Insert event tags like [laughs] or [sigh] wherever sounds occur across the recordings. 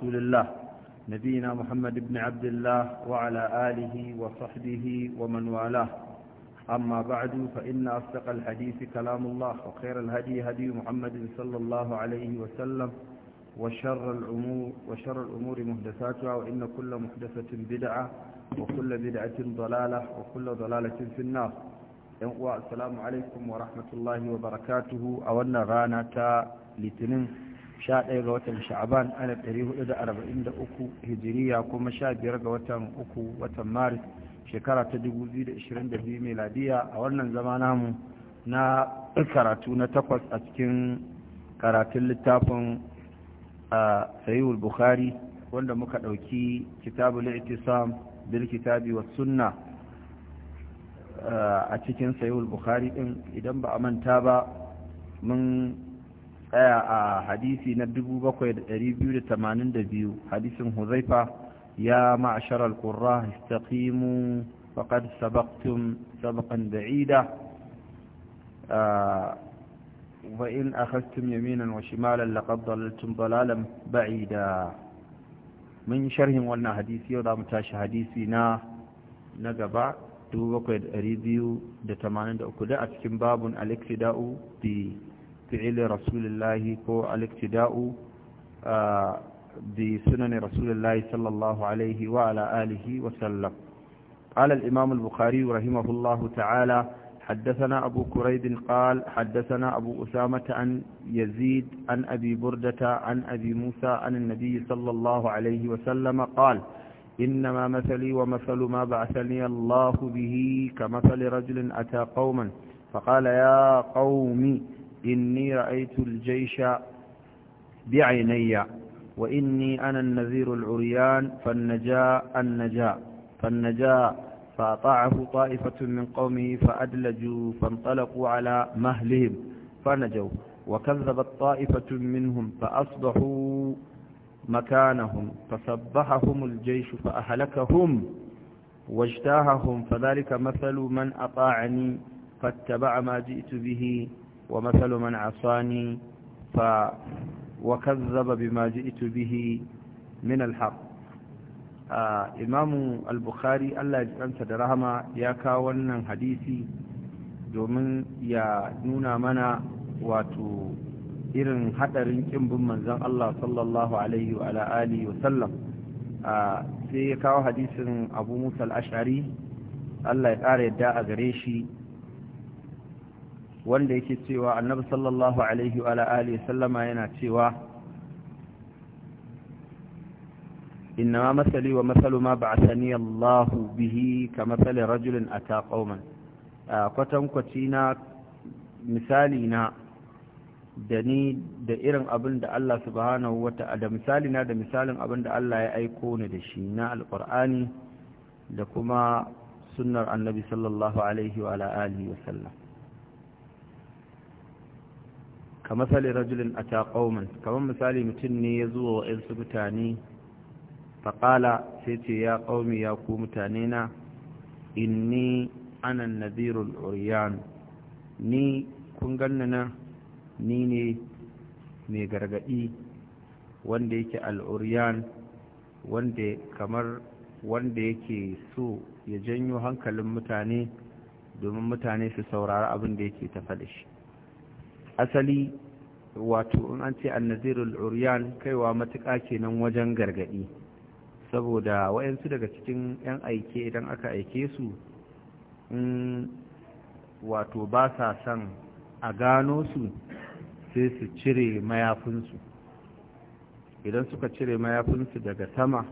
رسول الله نبينا محمد بن عبد الله وعلى آله وصحبه ومن والاه أما بعد فإن أصدق الحديث كلام الله وخير الهدي هدي محمد صلى الله عليه وسلم وشر الأمور, وشر الأمور مهدثاتها وإن كل محدثة بدعة وكل بدعة ضلالة وكل ضلالة في النار السلام عليكم ورحمة الله وبركاته أولنا غانا لتنمس 11 ga watan sha'aban ana 443 hijiriya kuma 15 ga watan uku watan maris shekara ta 2022 meladiya a wannan zama namu na karatu na takwas a cikin karatun littafin a sayuwar bukhari wanda muka ɗauki kitabul itisam bil kitabi wa sunna a cikin sayuwar bukhari din idan ba a manta ba mun tsaya a hadisi na 7282 hadisin huzaifa ya ma'ashar al-qurra istaqimu faqad sabaqtum sabaqan ba'ida wa in akhadtum yaminan wa shimalan laqad dalaltum dalalan ba'ida mun sharhin wannan hadisi yau da mu tashi hadisi na na gaba 7283 da a cikin babun al-iktida'u bi فعل رسول الله كو الاقتداء آه، بسنن رسول الله صلى الله عليه وعلى آله وسلم قال الإمام البخاري رحمه الله تعالى حدثنا أبو كريب قال حدثنا أبو أسامة عن يزيد عن أبي بردة عن أبي موسى عن النبي صلى الله عليه وسلم قال إنما مثلي ومثل ما بعثني الله به كمثل رجل أتى قوما فقال يا قومي إني رأيت الجيش بعيني وإني أنا النذير العريان فالنجاء النجاء فالنجاء فأطاعه طائفة من قومه فأدلجوا فانطلقوا على مهلهم فنجوا وكذبت طائفة منهم فأصبحوا مكانهم فسبحهم الجيش فأهلكهم واجتاههم فذلك مثل من أطاعني فاتبع ما جئت به ومثل من عصاني ف وكذب بما جئت به من الحق Uh, imamu al-bukhari allah jikansa da rahama ya kawo wannan hadisi domin ya nuna mana wato irin hadarin kimbin manzon allah sallallahu alaihi wa alihi wa sallam sai ya kawo hadisin abu musa al-ash'ari allah ya ƙara yadda a gare shi wanda yake cewa annabi sallallahu alaihi wa alihi sallama yana cewa إنما مثلي ومثل ما بعثني الله به كمثل رجل أتى قوما قتم na مثالينا dani da irin abin da Allah subhanahu wata da na da misalin abin da Allah ya aiko ni da shi na alƙur'ani da kuma sunnar annabi sallallahu alaihi wa alihi wa sallam ka masali rajulin a taƙauman kamar misali mutum ne ya zuwa wa ‘yansu mutane faƙala sai ce ya ƙaumi ya ku mutane na inni anan nazirul uriyan ni kun gannana ni ne mai gargaɗi wanda yake al'uriyan wanda kamar wanda yake so ya janyo hankalin mutane domin mutane su saurari abin da yake tafa da shi asali wato in an ce annazirul uriyan kaiwa matuƙa kenan wajen gargaɗi saboda wayansu daga cikin 'yan aike idan aka aike su in wato ba sa son a gano su sai su cire mayafinsu idan suka cire mayafinsu daga sama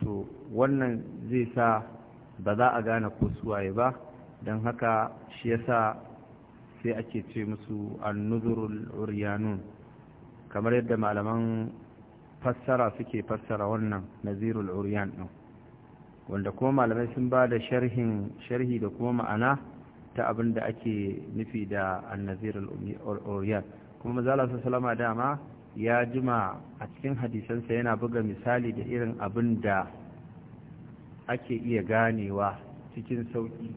to wannan zai sa ba za a gane ko suwaye ba don haka shi yasa sai ake ce musu annuzurul uryanun kamar yadda malaman fassara suke fassara wannan nazirul uryan din wanda kuma malamai sun ba da sharhi da kuma ma'ana ta abin da ake nufi da annazirul uryan kuma mazala su salama dama ya jima a cikin hadisansa yana buga misali da irin abin da ake iya ganewa cikin sauƙi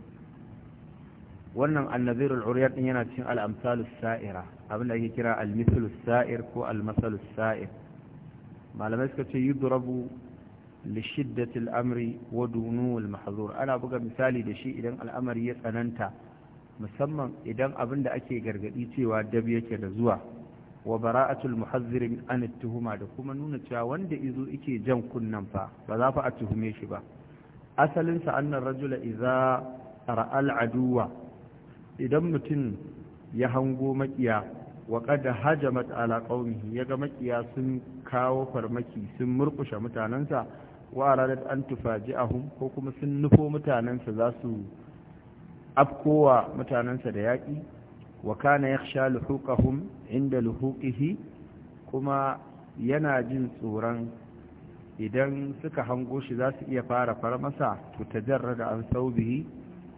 wannan annazirul uriyat din yana cikin al-amsalus sa'ira abin da ake kira al-mithlus sa'ir ko al lusa'ir sa'ir malamai suka ce yudrabu li shiddati amri wa dunu mahzur ana buga misali da shi idan al'amari ya tsananta musamman idan abin da ake gargadi cewa dab yake da zuwa wa bara'atul muhazzir an tuhuma da kuma nuna cewa wanda izo yake jan kunnan fa ba za fa a tuhume shi ba asalin sa annar rajula idza ra'a aduwa idan mutum ya hango makiya wa qad hajamat ala qaumihi yaga makiya sun kawo farmaki sun murkushe mutanansa wa aradat an tufaji'ahum ko kuma sun nufo mutanansa za su afkowa mutanansa da yaki wa kana yakhsha luhuqahum inda luhuqihi kuma yana jin tsoron idan suka hango shi za su iya fara farmasa to tajarrada an saubihi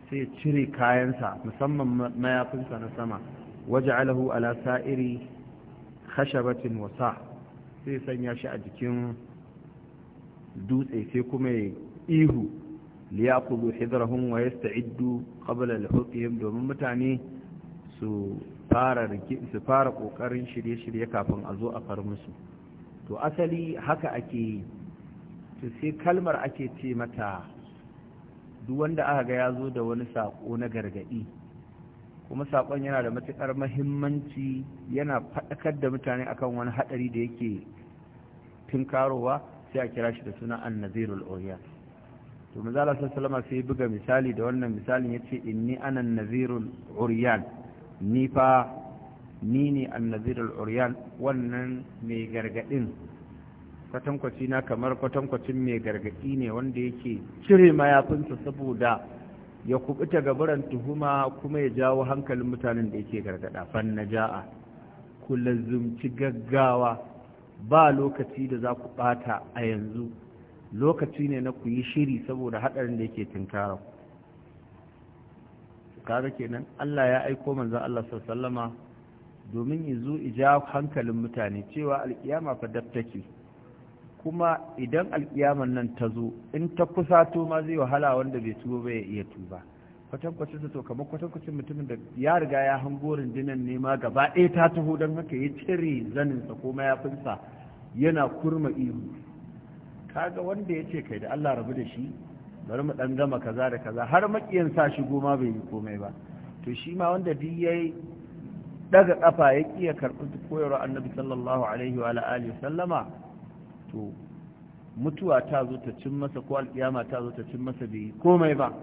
sai cire kayansa musamman mayafinsa na sama waje alahu ala sa'iri khashabatin wasa sai sanya shi a jikin dutse sai kuma ya ihu liyakubu hidrahun wa ya sta'iddu qabla al domin mutane su fara su kokarin shirye-shirye kafin a zo a far musu to asali haka ake sai kalmar ake ce mata duk wanda aka ga ya zo da wani sako na gargaɗi kuma saƙon yana da matuƙar mahimmanci yana faɗakar da mutane akan wani haɗari da yake tunkarowa sai a kira shi da suna annazirul oriya to mazala sallama sai buga misali da wannan misalin ya ce inni ana nazirul oriyan ni fa ni ne annazirul oriyan wannan mai gargaɗin kwatankwaci na kamar kwatankwacin mai gargaɗi ne wanda yake cire mayafinsa saboda ya kubuta gabaran tuhuma kuma ya jawo hankalin mutanen da yake gargaɗa fan na ja'a ku lazumci gaggawa ba lokaci da za ku ɓata a yanzu lokaci ne na ku yi shiri saboda haɗarin da yake su kaga kenan Allah ya aiko manzon Allah sallama domin ya zo ija hankalin mutane cewa alkiyama fa daftake kuma idan alkiyamar nan ta zo in ta kusa, ma zai wahala wanda bai tuba ba ya iya tuba kwatankwacin su to kamar kwatankwacin mutumin da ya riga ya hango rundunan nema gaba ɗaya ta taho don haka ya cire zaninsa ko mayafinsa yana kurma ihu kaga wanda ya ce kai da Allah rabu da shi bari mu ɗan gama kaza da kaza har maƙiyan sa shigo ma bai yi komai ba to shi ma wanda duk yayi daga kafa ya ƙi karɓi koyarwa annabi sallallahu alaihi wa alihi sallama to mutuwa ta zo ta cin masa ko alƙiyama ta zo ta cin masa bai komai ba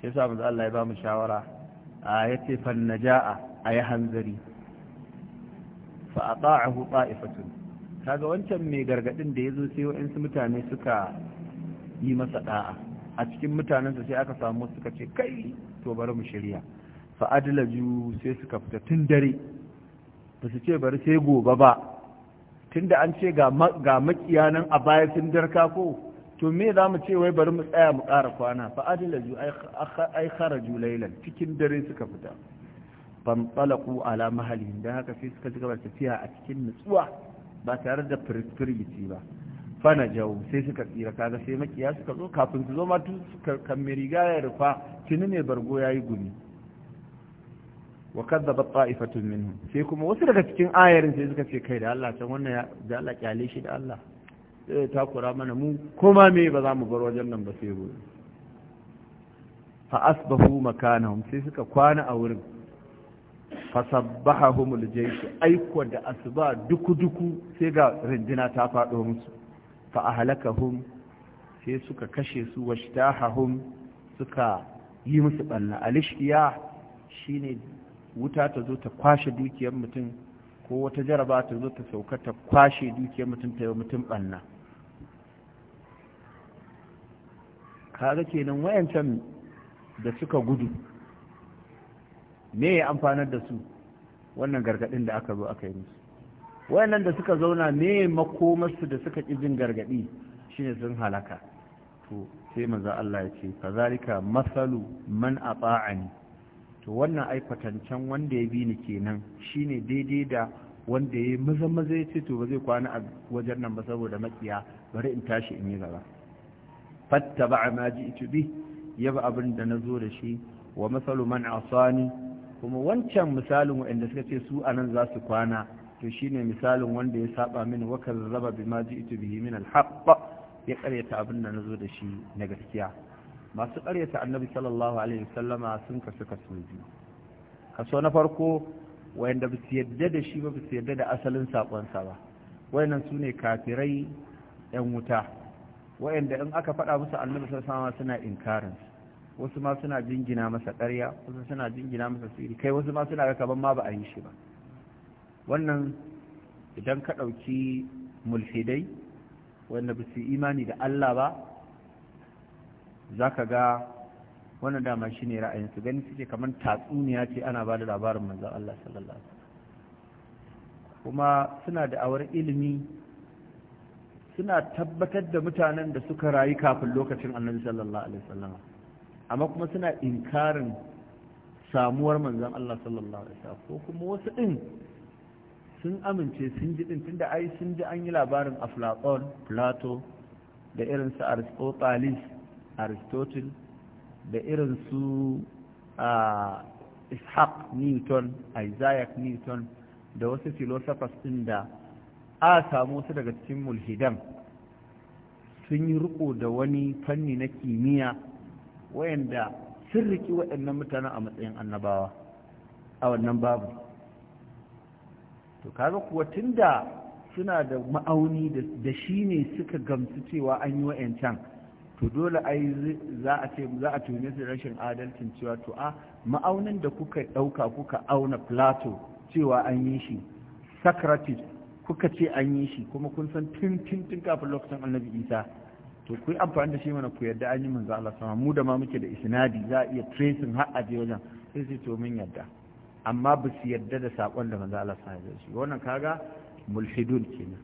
shi yasa manzo Allah ya ba mu shawara a yace fan najaa ayi hanzari fa ata'ahu ta'ifatun kaga wancan mai gargadin da yazo sai su mutane suka yi masa da'a a cikin mutanen mutanensa sai aka samu suka ce kai to bari mu shirya fa adlaju sai suka fita tun dare ba su ce bari sai gobe ba tunda an ce ga makiya nan a baya sun darka ko to me za mu ce wai bari mu tsaya mu ƙara kwana fa adila ju ai kharaju laylan cikin dare suka fita fanṭalaqu ala mahalin da haka sai suka da tafiya a cikin nutsuwa ba tare da firgici ba fana jau sai suka tsira kaga sai makiya suka zo kafin su zo ma tun suka mai rufa tuni ne bargo yayi gumi wa kadzaba ta'ifatun minhum sai kuma wasu daga cikin ayarin sai suka ce kai da Allah can wannan da Allah kyale shi da Allah sai ta kura mana mu kuma me ba za mu bar wajen nan ba sai gobe fa asbahu makanahum sai suka kwana a wurin fa sabbahahum aljaysh aiko da asba duku duku sai ga rindina ta fado musu fa ahlakahum sai suka kashe su washtahahum suka yi musu balla alishtiya shine wuta ta zo ta kwashe dukiyar mutum ko wata jaraba ta zo ta sauka ta kwashe dukiyar mutum ta yi mutum ɓanna kaga kenan wayancan da suka gudu me ya amfanar da su wannan gargaɗin da aka zo aka yi musu wayannan da suka zauna me makomarsu da suka ƙi jin gargaɗi shine sun halaka to sai manzo Allah ya ce kazalika masalu man ata'ani to wannan ai wanda ya bi ni kenan shine daidai da wanda ya maza maza ya ce to ba zai kwana a wajen nan ba saboda makiya bari in tashi in yi gaba fatta ba ma ji ito bi ya ba abin da na zo da shi wa masalu man asani kuma wancan misalin waɗanda suka ce su anan za su kwana to shine misalin wanda ya saba mini wa bi ma ji ito bihi min alhaq ya karyata abin da na zo da shi na gaskiya masu ƙaryata annabi sallallahu alaihi wasallama sun kasu kasu biyu kaso na farko wayanda ba su yadda da shi ba ba su yadda da asalin saƙonsa ba wayannan su ne kafirai 'yan wuta wayanda in aka faɗa musu annabi sallallahu alaihi suna inkarin wasu ma suna jingina masa ƙarya wasu suna jingina masa siri kai wasu ma suna ga kaban ma ba a yi shi ba wannan idan ka ɗauki mulhidai wanda ba su imani da Allah ba za ka ga wannan dama shi ne ra'ayinsu gani suke kamar tatsuniya ce ana ba da labarin manzan Allah sallallahu kuma suna da awar ilimi suna tabbatar da mutanen da suka rayu kafin lokacin annabi sallallahu alaihi wasallam amma kuma suna inkarin samuwar manzan Allah sallallahu alaihi wasallam ko kuma wasu din sun amince sun ji din tunda ai sun ji an yi labarin Aflatun Plato da irin su Aristoteles aristotle da irin su ishaq newton isaac newton da wasu philosophers ɗin da a samu wasu daga cikin mulhidan sun yi riko da wani fanni na kimiyya wayanda sun riki waɗannan mutane a matsayin annabawa a wannan babu to kaga kuwa tunda suna da ma'auni da shi ne suka gamsu cewa an yi wa'yancan to dole ai za a ce za a tuni su rashin adalcin cewa to a ma'aunin da kuka ɗauka kuka auna plato cewa an yi shi socrates kuka ce an yi shi kuma kun san tun tun tun kafin lokacin annabi isa to ku amfani da shi mana ku yadda an yi za Allah sama mu da ma muke da isnadi za a iya tracin har a je wajen sai sai to mun yadda amma ba su yadda da sakon da manzo Allah sama ya shi wannan kaga mulhidun kenan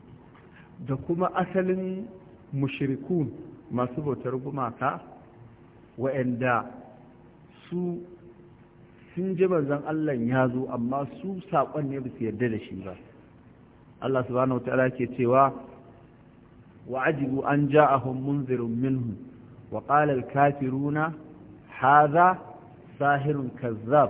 da kuma asalin mushrikun masu bautar gumaka wa'anda su sun ji manzon Allah ya zo amma su saƙon ne ba yarda da shi ba Allah subhanahu wataala ke cewa wa'ajibu an ja'ahum munzirun minhu wa qala al-kafiruna hadha sahirun kazzab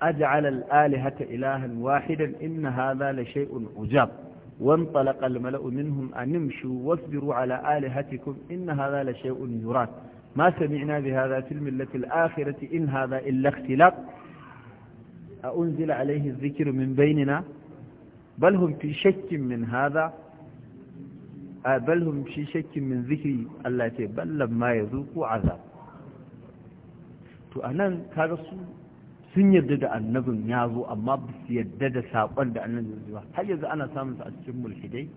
aj'ala al-alihata ilahan wahidan inna hadha la shay'un ujab وانطلق الملأ منهم أن امشوا واصبروا على آلهتكم إن هذا لشيء يراد ما سمعنا بهذا في الملة الآخرة إن هذا إلا اختلاق أنزل عليه الذكر من بيننا بل هم في شك من هذا آه، بل هم في شك من ذكري الله بل لما يذوقوا عذاب to a nan sun yarda da annabin ya zo amma ba su yarda da saƙon da annabin ya zo ba har yanzu ana samun su a cikin mulkidai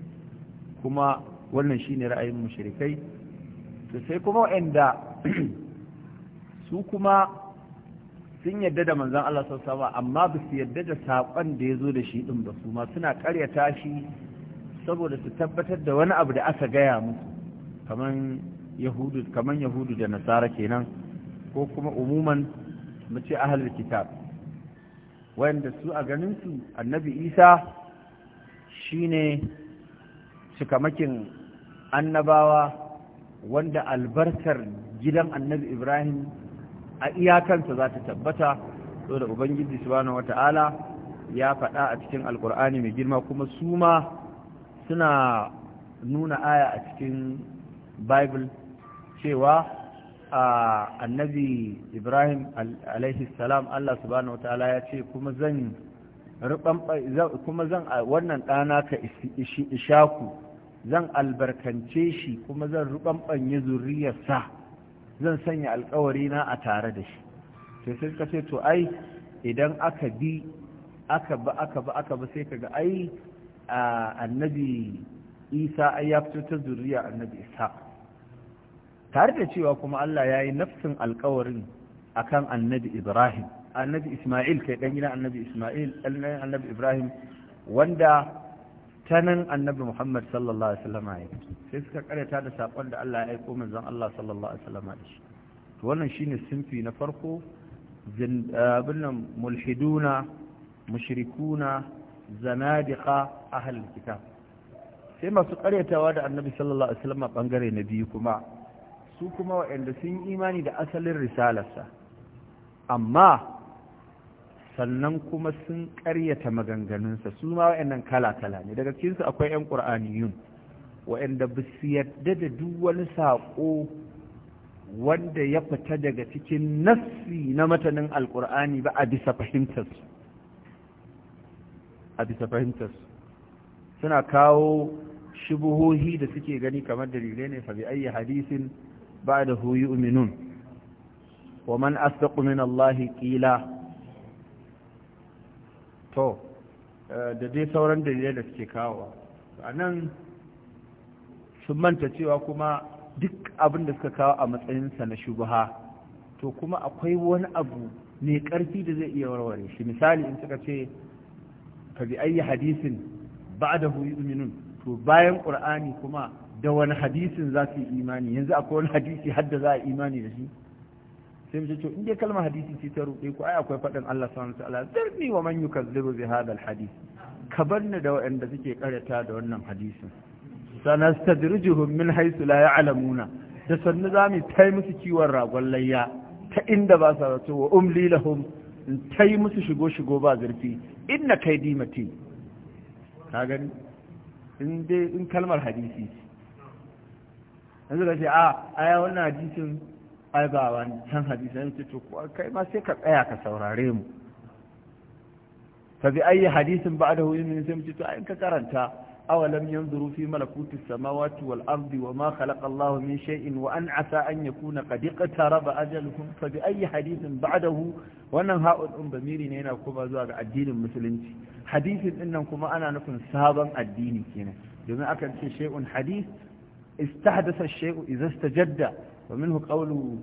kuma wannan shine ra'ayin mushrikai to sai kuma wa'anda [clears throat] su kuma sun yarda da manzon Allah sallallahu amma ba su yarda da saƙon da ya zo da shi din ba su suna karyata shi saboda su tabbatar da wani abu da aka gaya musu kaman yahudu kaman yahudu da nasara kenan ko kuma umuman mu ce kitab wanda su a ganin su annabi isa shine cikamakin annabawa wanda albarkar gidan annabi ibrahim a iyakansa za ta tabbata so da ubangiji subhanahu ta'ala ya faɗa a cikin alkur'ani mai girma kuma su ma suna nuna aya a cikin bible cewa A annabi ibrahim alaihi salam allah subhanahu wataala ya ce kuma zan kuma zan wannan ɗana ka ishaku zan albarkance shi kuma zan ruɓanɓanye sa zan sanya alkawari na a tare da shi sai sai ka ce to ai idan aka bi aka ba aka ba aka ba sai kaga ai annabi isa ai ya fito ta zuriya annabi isa tare da cewa kuma Allah ya yi nafsin alkawarin a kan annabi Ibrahim annabi Ismail kai ɗan gina annabi Ismail annabi Ibrahim wanda ta nan annabi Muhammad sallallahu alaihi wasallam ya sai suka karyata da sakon da Allah ya min zan Allah sallallahu alaihi wasallam da shi to wannan shine sinfi na farko binnan mulhiduna mushrikuna zanadiqa ahlul kitab sai masu karyatawa da annabi sallallahu alaihi wasallam bangare na biyu kuma su kuma waɗanda sun imani da asalin risalarsa amma sannan kuma sun ƙaryata maganganunsa su ma waɗannan kala-kala ne daga cikinsu akwai 'yan ƙur'aniyun waɗanda ba su da duk wani saƙo wanda ya fita daga cikin nassi na matanin alƙur'ani ba a bisa fahimtarsu a bisa fahimtarsu suna kawo shubuhohi da suke gani kamar dalilai ne fa bi ayyi hadisin بعده يؤمنون ومن أصدق من الله قيلا to da dai sauran dalilai da suke kawo a nan sun manta cewa kuma duk abin da suka kawo a matsayinsa na shubaha to kuma akwai wani abu mai ƙarfi da zai iya warware shi misali in suka ce ka hadisin ba da huyi to bayan ƙur'ani kuma da wani hadisin za su yi imani yanzu akwai wani hadisi hadda za a imani da shi sai mu ce in kalma hadisi ce ta ruɗe ku ai akwai faɗin Allah subhanahu wa ta'ala zarni wa man yukazzibu bi hadha al ka barni da waɗanda suke karyata da wannan hadisin sanastadrijuhum min haythu la ya'lamuna da sannu za mu tai musu kiwon ragon layya ta inda ba sa zato wa umli lahum in tai musu shigo shigo ba zurfi inna kaidi mati ka gani in dai in kalmar hadisi yanzu ka ce a ah, aya wannan hadisin ai ba wani can hadisin ce to kai ma sai ka tsaya ka saurare mu fa ayi hadisin ba'dahu yu'minu sai mu ce to ai ka karanta awalam yanzuru fi malakuti samawati wal ardi wa ma khalaqa Allahu min shay'in wa an asa an yakuna qad iqtaraba ajalukum fa bi ayi hadisin ba'dahu wannan ha'ul bamiri um ne yana kuma zuwa ga addinin musulunci hadisin dinnan kuma ana nufin sabon addini kenan domin ce shay'un hadith istahdasa shay'u idza istajadda wa minhu qawlu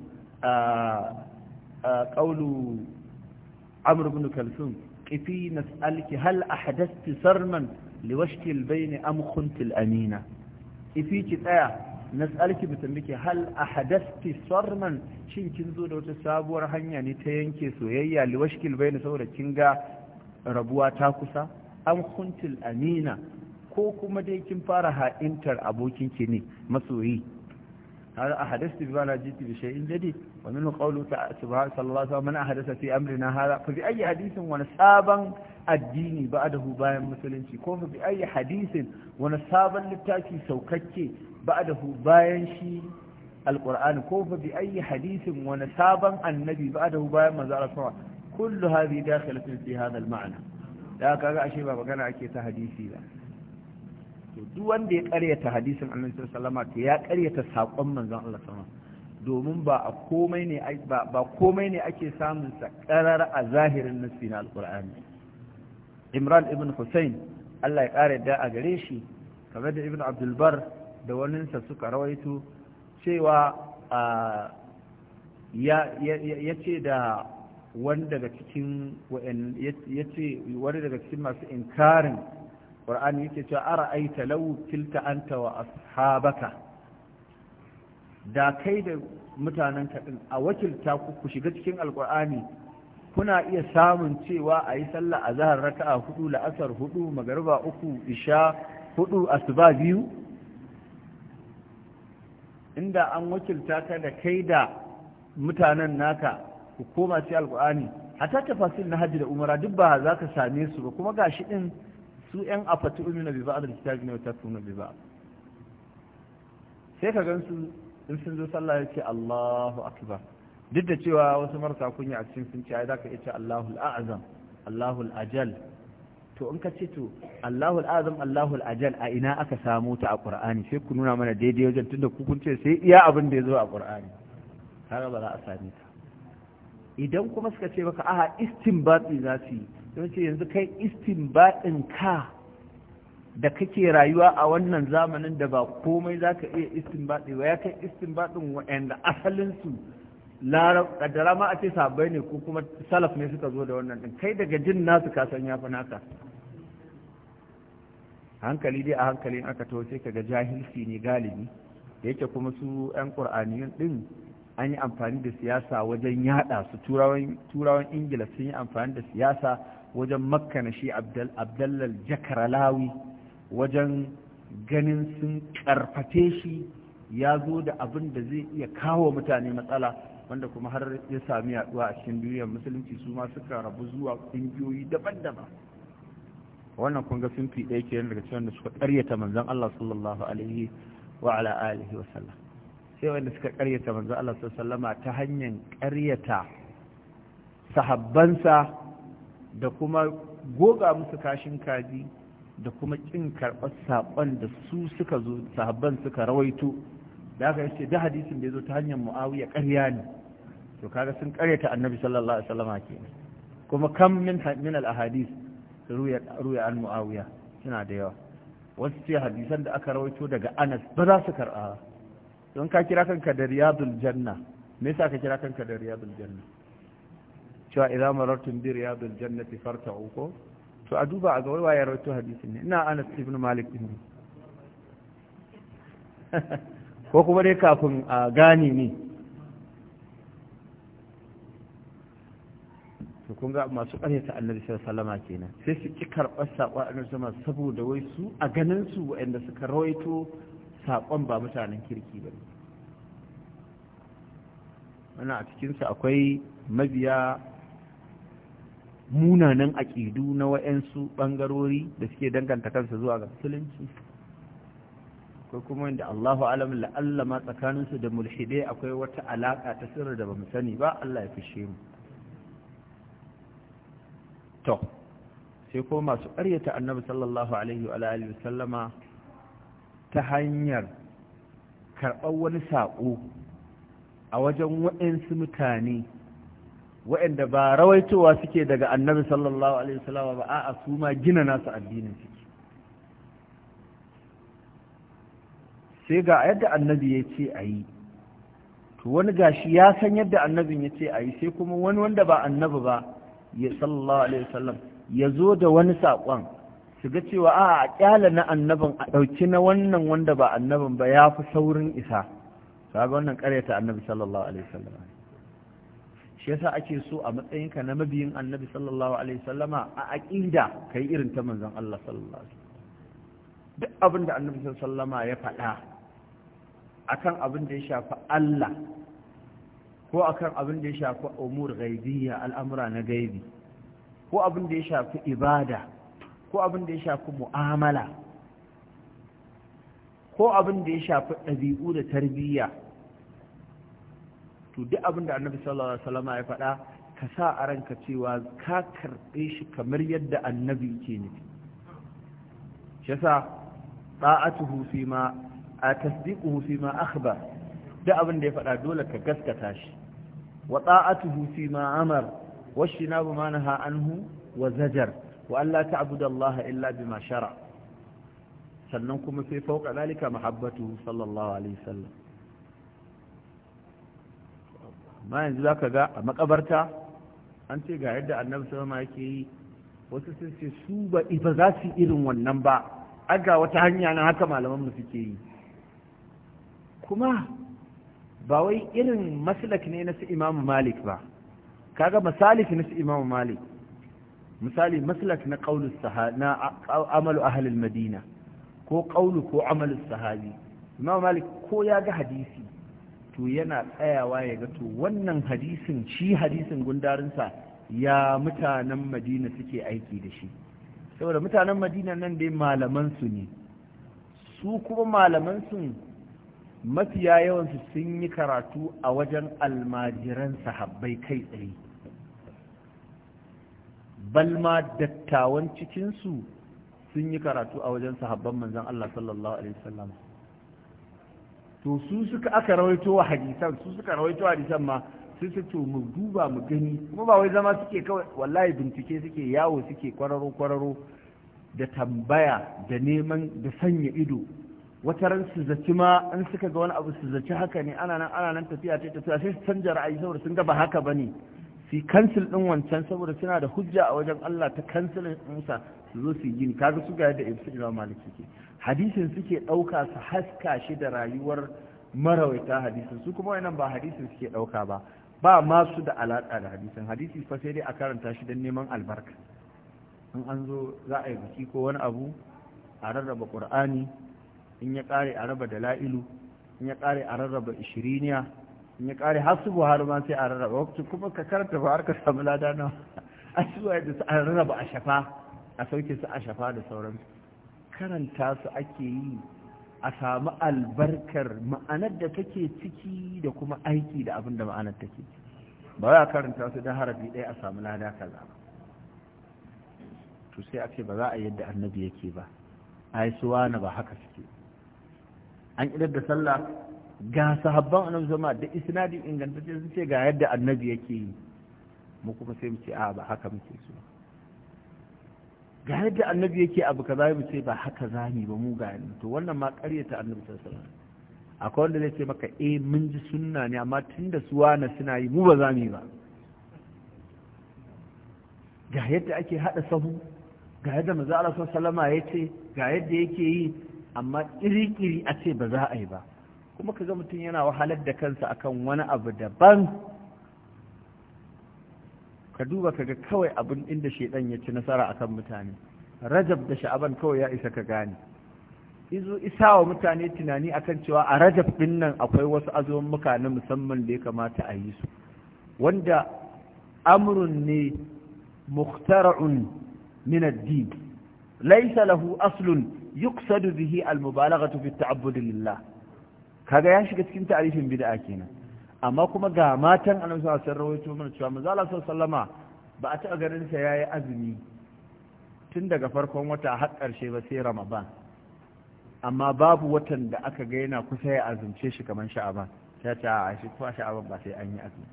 qawlu amr ibn kalsum qifi nas'alki hal ahdasthi sarman liwashki albayn am khunt alamina ifi ki tsaya nas'alki mu hal ahdasthi sarman shin kin zo da wata sabuwar hanya ne ta yanke soyayya liwashki albayn saboda kin ga rabuwa ta kusa am khunt alamina ko kuma dai kin fara ha'intar abokin ki ne masoyi har a hadasta bi bana jiti bi in jadid wa minhu qawlu subhanahu sallallahu alaihi wasallam man fi amrina hadha fa bi ayi hadisin wa sabon addini ba'dahu bayan musulunci ko fa bi ayi hadisin wa sabon littafi saukakke ba'dahu bayan shi alqur'ani ko fa bi ayi hadithin wa saban annabi ba'dahu bayan manzo Allah sallallahu alaihi wasallam kullu hadhihi dakhilatun fi hadha al-ma'na ashe ba magana ake ta hadisi ba to duk wanda ya karyata hadisin annabi sallallahu alaihi ya karyata sakon manzon Allah sallallahu alaihi domin ba a komai ne ba komai ne ake samun sa karar a zahirin nassi na alqur'ani Imran ibn Husayn Allah ya kare da a gare shi kamar da Ibn Abdul Bar da sa suka rawaito cewa ya ce da wani daga cikin wani daga cikin masu inkarin ƙur'ani yake cewa ara aita lau tilta anta wa ashabaka da kai da mutanen kaɗin a wakilta ku shiga cikin alƙur'ani kuna iya samun cewa a yi sallah a zahar raka'a hudu la'asar hudu magariba uku isha hudu asuba biyu inda an wakilta ka da kai da mutanen naka ku koma ce alƙur'ani hatta tafasil na hajji da umara duk ba za ka same su ba kuma gashi din su yan afatu umina bi ba'd alkitabi ne ta tunu bi ba'd sai ka gansu in sun zo sallah ya ce Allahu akbar duk da cewa wasu marasa kunya a cikin sun ce ai zaka ce Allahu al a'zam al ajal to in ka ce to al azam al ajal a ina aka samu ta a Qur'ani sai ku nuna mana daidai wajen tunda ku kun ce sai iya abin da ya zo a Qur'ani kaga ba za a same ta idan kuma suka ce maka aha istinbati za su yi don ce yanzu kai baɗin ka da kake rayuwa a wannan zamanin da ba komai za ka iya baɗi ba ya kai istinbadin waɗanda asalinsu kaddara ma a ce sabai ne ko kuma salaf ne suka zo da wannan ɗin kai daga jin nasu ka san fi naka hankali dai a in aka taho ka ga jahilci ne galibi da yake kuma su 'yan ƙur'aniyun ɗin an yi amfani da siyasa wajen yada su turawan ingila sun yi amfani da siyasa wajen makka na shi abdallal jakaralawi wajen ganin sun karfate shi ya zo da abin da zai iya kawo mutane matsala wanda kuma har ya sami yaduwa a cikin duniyar musulunci su ma suka rabu zuwa ƙungiyoyi daban-daban wannan kunga sun fi ɗaya kenan daga cikin da suka ƙaryata manzon Allah sallallahu alaihi wa ala alihi wa sallam sai wanda suka ƙaryata manzon Allah sallallahu alaihi wa sallama ta hanyar ƙaryata sahabbansa da kuma goga musu kashin kaji da kuma kin karɓar saƙon da su suka zo sahabban suka rawaito da aka yace da hadisin da ya zo ta hanyar mu'awiya ƙarya ne to kaga sun ƙaryata annabi sallallahu alaihi wasallam ke kuma kam min min al ahadith ruya ruya an mu'awiya suna da yawa wasu ce hadisan da aka rawaito daga Anas ba za su karɓa don ka kira kanka da riyadul janna me yasa ka kira kanka da riyadul janna cewa idza marartum bi riyadil jannati farta'u ko to a duba a ga wai ya rawaito hadisin ne ina ana ibn Malik din [laughs] ko kuma dai kafin a gane ne to kun ga masu ƙaryata annabi sallallahu alaihi kenan sai su ki karɓar saƙon annabi sama saboda wai su a ganin su waɗanda suka rawaito saƙon ba mutanen kirki ba ne wannan a cikinsu akwai mabiya munanan aƙidu na wa'yansu ɓangarori da suke danganta kansa zuwa ga musulunci ko kuma inda Allahu alam la'alla ma tsakaninsu da mulhide akwai wata alaƙa ta sirri da bamu sani ba Allah ya fishe mu to sai ko masu ƙaryata annabi sallallahu alaihi wa ta hanyar karɓar wani saƙo a wajen waɗansu mutane wa'anda ba rawaitowa suke daga annabi sallallahu alaihi wasallam ba a'a su ma gina nasu addinin suke sai ga yadda annabi ya ce a yi to wani gashi ya san yadda annabin ya ce a yi sai kuma wani wanda ba annabi ba ya sallallahu alaihi wasallam ya zo da wani saƙon su ga cewa a a ƙyala na annabin a ɗauki na wannan wanda ba annabin ba ya fi saurin isa ga wannan ƙaryata annabi sallallahu alaihi wasallam shi yasa ake so a matsayinka na mabiyin annabi sallallahu alaihi wasallama a aqida ka yi irin ta manzon Allah sallallahu alaihi duk abin da annabi sallama ya faɗa akan abin da ya shafi Allah ko akan abin da ya shafi umur ghaibiyya al'amura na gaibi ko abin da ya shafi ibada ko abin da ya shafi mu'amala ko abin da ya shafi ɗabi'u da tarbiyya to duk abin da annabi sallallahu alaihi wasallam ya faɗa ka sa a ranka cewa ka karɓe shi kamar yadda annabi ke nufi shi yasa ta'atuhu fi ma a tasdiquhu fi ma akhbar duk abin da ya faɗa dole ka gaskata shi wa ta'atuhu fi ma amar wa shinabu ma naha anhu wa zajar wa alla ta'budu Allah illa bima shara sannan kuma sai fauka zalika mahabbatu sallallahu alaihi wasallam amma yanzu za ka ga a makabarta an ce ga yadda annabi sama yake yi wasu sun ce su ba ifa za su irin wannan ba aga ga wata hanya na haka malaman mu suke yi kuma ba wai irin maslak ne na su imamu malik ba kaga masalik na su imamu malik misali maslak na qaulus na amalu ahlul madina ko qaulu ko amalu sahabi imamu malik ko ya ga hadisi to yana tsayawa ya ga to wannan hadisin shi hadisin gundarinsa ya mutanen madina suke aiki da shi saboda mutanen madina nan dai malamansu ne su kuma malamansu mafiya yawansu sun yi karatu a wajen almajiran sahabbai kai tsaye balma dattawan cikinsu sun yi karatu a wajen sahabban manzan Allah sallallahu Alaihi wasallam to su suka aka rawaito wa hadisan su suka rawaito hadisan ma sai su to mu duba mu gani kuma ba wai zama suke kawai wallahi bincike suke yawo suke kwararo kwararo da tambaya da neman da sanya ido wata ran su zaci ma in suka ga wani abu su zaci haka ne ana nan ana nan tafiya ta tafiya sai su canja ra'ayi saboda sun ga ba haka bane su kansil din wancan saboda suna da hujja a wajen Allah ta kansilin din su zo su yi gini kaga su ga yadda ibsu imam malik suke hadisin suke ɗauka su haska shi da rayuwar marawaita hadisin su kuma wannan ba hadisin suke ɗauka ba ba masu da alaƙa da hadisin hadisi fa sai dai a karanta shi don neman albarka in an zo za a yi biki ko wani abu a rarraba ƙur'ani in ya ƙare a raba dala'ilu in ya ƙare a rarraba ishiriniya in ya ƙare har su buhari ma sai a rarraba wakti kuma ka karanta ba har ka samu lada na a su a rarraba a shafa a sauke su a shafa da sauransu karanta su ake yi a samu albarkar ma'anar da take ciki da kuma aiki da abin da ma'anar take ba za a karanta su don harafi ɗaya a samu lada kaza to sai a ce ba za a yadda annabi yake ba ai su wani ba haka suke an idar da sallah ga sahabban annabi zama da isnadin ingantacce sun ce ga yadda annabi yake yi mu kuma sai mu ce a ba haka muke so ga yadda annabi yake abu kaza ya sai ba haka zani ba mu ga to wannan ma ƙaryata annabi sallallahu alaihi wasallam akwai wanda zai ce maka eh mun ji sunna ne amma tunda su wana suna yi mu ba za mu yi ba ga yadda ake hada sahu ga yadda manzo Allah sallallahu alaihi ya ce ga yadda yake yi amma kiri-kiri a ce ba za a yi ba kuma kaga mutum yana wahalar da kansa akan wani abu daban ka duba kaga kawai abin inda shaidan ya ci nasara akan mutane rajab da sha'aban kawai ya isa ka gane izo isa wa mutane tunani akan cewa a rajab din nan akwai wasu muka na musamman da ya kamata a yi su wanda amrun ne mukhtara'un min ad laysa lahu aslun yuqsadu bihi al-mubalaghatu fi at kaga ya shiga cikin ta'rifin bid'a kenan amma kuma ga matan annabi sallallahu alaihi wasallam rawaito mana cewa manzo Allah sallallahu ba a taɓa ganin sa yayi azumi tun daga farkon wata har ƙarshe ba sai Ramadan amma babu watan da aka ga yana kusa ya azumce shi kamar Sha'aban ta ta a shi ko Sha'aban ba sai an yi azumi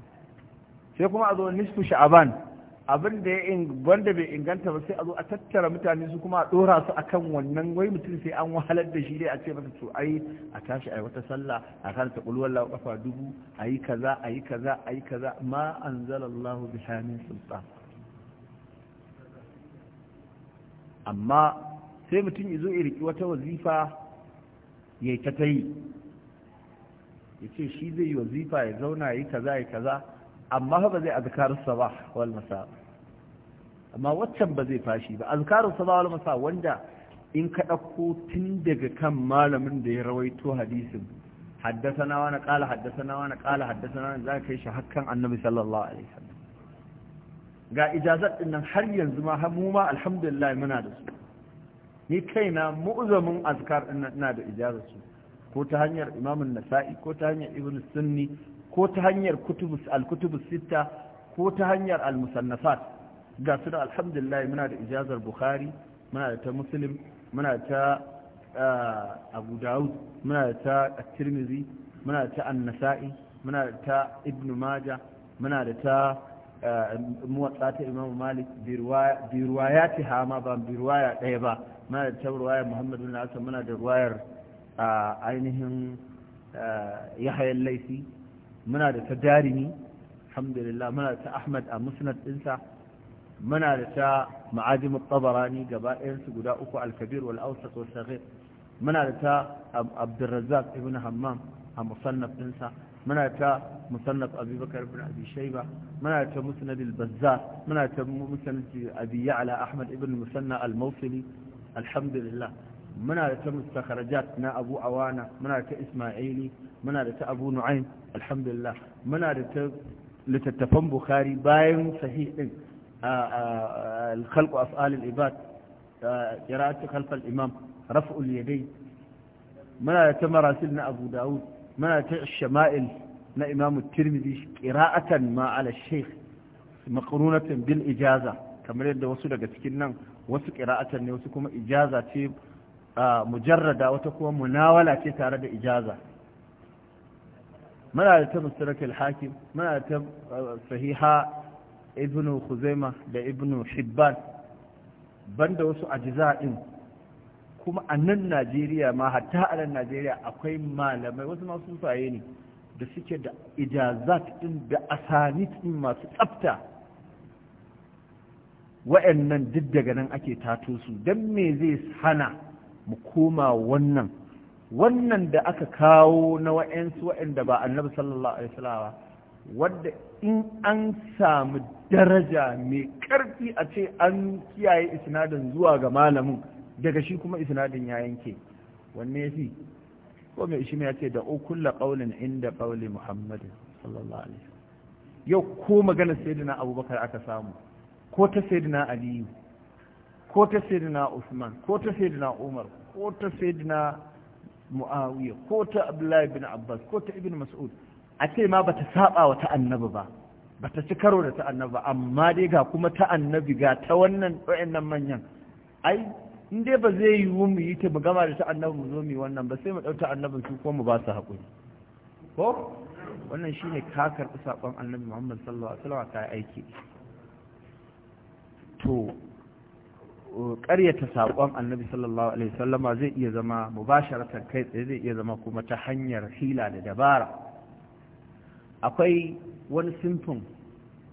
sai kuma a zo nisfu Sha'aban abin da ya wanda bai inganta ba sai a zo a tattara mutane su kuma a dora su akan wannan wai mutum sai an wahalar da shi dai a ce masa to ai a tashi ai wata sallah a kan ta kulwar la kafa dubu ayi kaza ayi kaza ayi kaza ma anzalallahu bi hamin sultan amma sai mutum ya zo ya riki wata wazifa ya yi ta yi ya ce shi zai yi wazifa ya zauna ya yi kaza ya kaza amma fa ba zai azkarus sabah wal masa'a amma waccan ba zai fashi ba azkaru sabawa masa wanda in ka dauko tun daga kan malamin da ya rawaito hadisin wa na qala haddathana wa na qala haddathana za ka kai shi hakkan annabi sallallahu alaihi wasallam ga ijazat din nan har yanzu ma mu ma alhamdulillah muna da su ni kaina mu'zamin azkar din nan ina da ijazar su ko ta hanyar imam an-nasa'i ko ta hanyar ibn sunni ko ta hanyar kutubus al-kutubus sitta ko ta hanyar al-musannafat ga su da alhamdulillah muna da ijazar bukhari muna da ta muslim muna ta eh, abu daud muna da ta tirmizi muna da ta annasa'i muna da ta ibnu maja muna da ta eh, muwatsa ta imamu malik bi ruwaya ta hama ba bi ruwaya ɗaya ba muna da ta ruwaya muhammadu bin hasan muna da ruwayar eh, ainihin yahayan laifi muna da ta darimi alhamdulillah muna da ta ahmad a musnad ɗinsa muna da ta ma'adim tabarani gaba ɗayansu guda uku alkabir wal awsat wal saghir muna da ta abdurrazzaq ibn hammam a musannaf ɗinsa muna ta musannaf abubakar ibn abi shayba muna ta musnad al-bazzar muna ta musnad abi ya'la ahmad ibn musanna al-mawsili alhamdulillah muna da ta mustakharajat na abu awana muna da ta isma'ili muna da ta abu nu'aym alhamdulillah muna da ta littattafan bukhari bayan sahih din الخلق أفعال العباد قراءة خلف الإمام رفع اليدين muna da ta marasil na abu dawud muna ta shama'il na imamu tirmidhi qira'atan ma ala sheikh maqrunatan bil ijaza kamar yadda wasu daga cikin nan wasu qira'atan ne wasu kuma ijaza ce mujarrada wata kuma munawala ce tare da ijaza muna da ta mustarkil hakim muna da ta sahiha ibnu khuzaima da ibnu hibban banda wasu ajiza kuma a nan najeriya ma hatta a nan najeriya akwai malamai wasu masu faye ne da suke da ijazat din da asanit din masu tsafta wa'annan duk daga nan ake tato su don me zai hana mu koma wannan wannan da aka kawo na wa'ansu wa'anda ba annabi sallallahu alaihi wasallam wanda in an samu daraja mai karfi a ce an kiyaye isnadin zuwa ga malamin daga shi kuma isnadin ya yanke wanne ya fi ko mai shi ya ce da ukulla ƙaunin inda ƙauli muhammadin sallallahu alaihi yau ko magana saidina abubakar aka samu ko ta saidina aliyu ko ta saidina usman ko ta saidina umar ko ta saidina muawiya ko ta abdullahi bin abbas ko ta ibn mas'ud a ce ma bata saba wa ta annabi ba bata ci karo da ta annabi ba amma dai ga kuma ta annabi ga ta wannan nan manyan ai in dai ba zai yiwu mu yi ta mu gama da ta annabi mu zo mu yi wannan ba sai mu ɗauta annabin su ko mu ba su haƙuri ko wannan shine ka karɓi saƙon annabi muhammad sallallahu alaihi wasallam yi aiki to ƙaryata saƙon annabi sallallahu alaihi wasallam zai iya zama mubasharatan kai tsaye zai iya zama kuma ta hanyar hila da dabara akwai wani simfin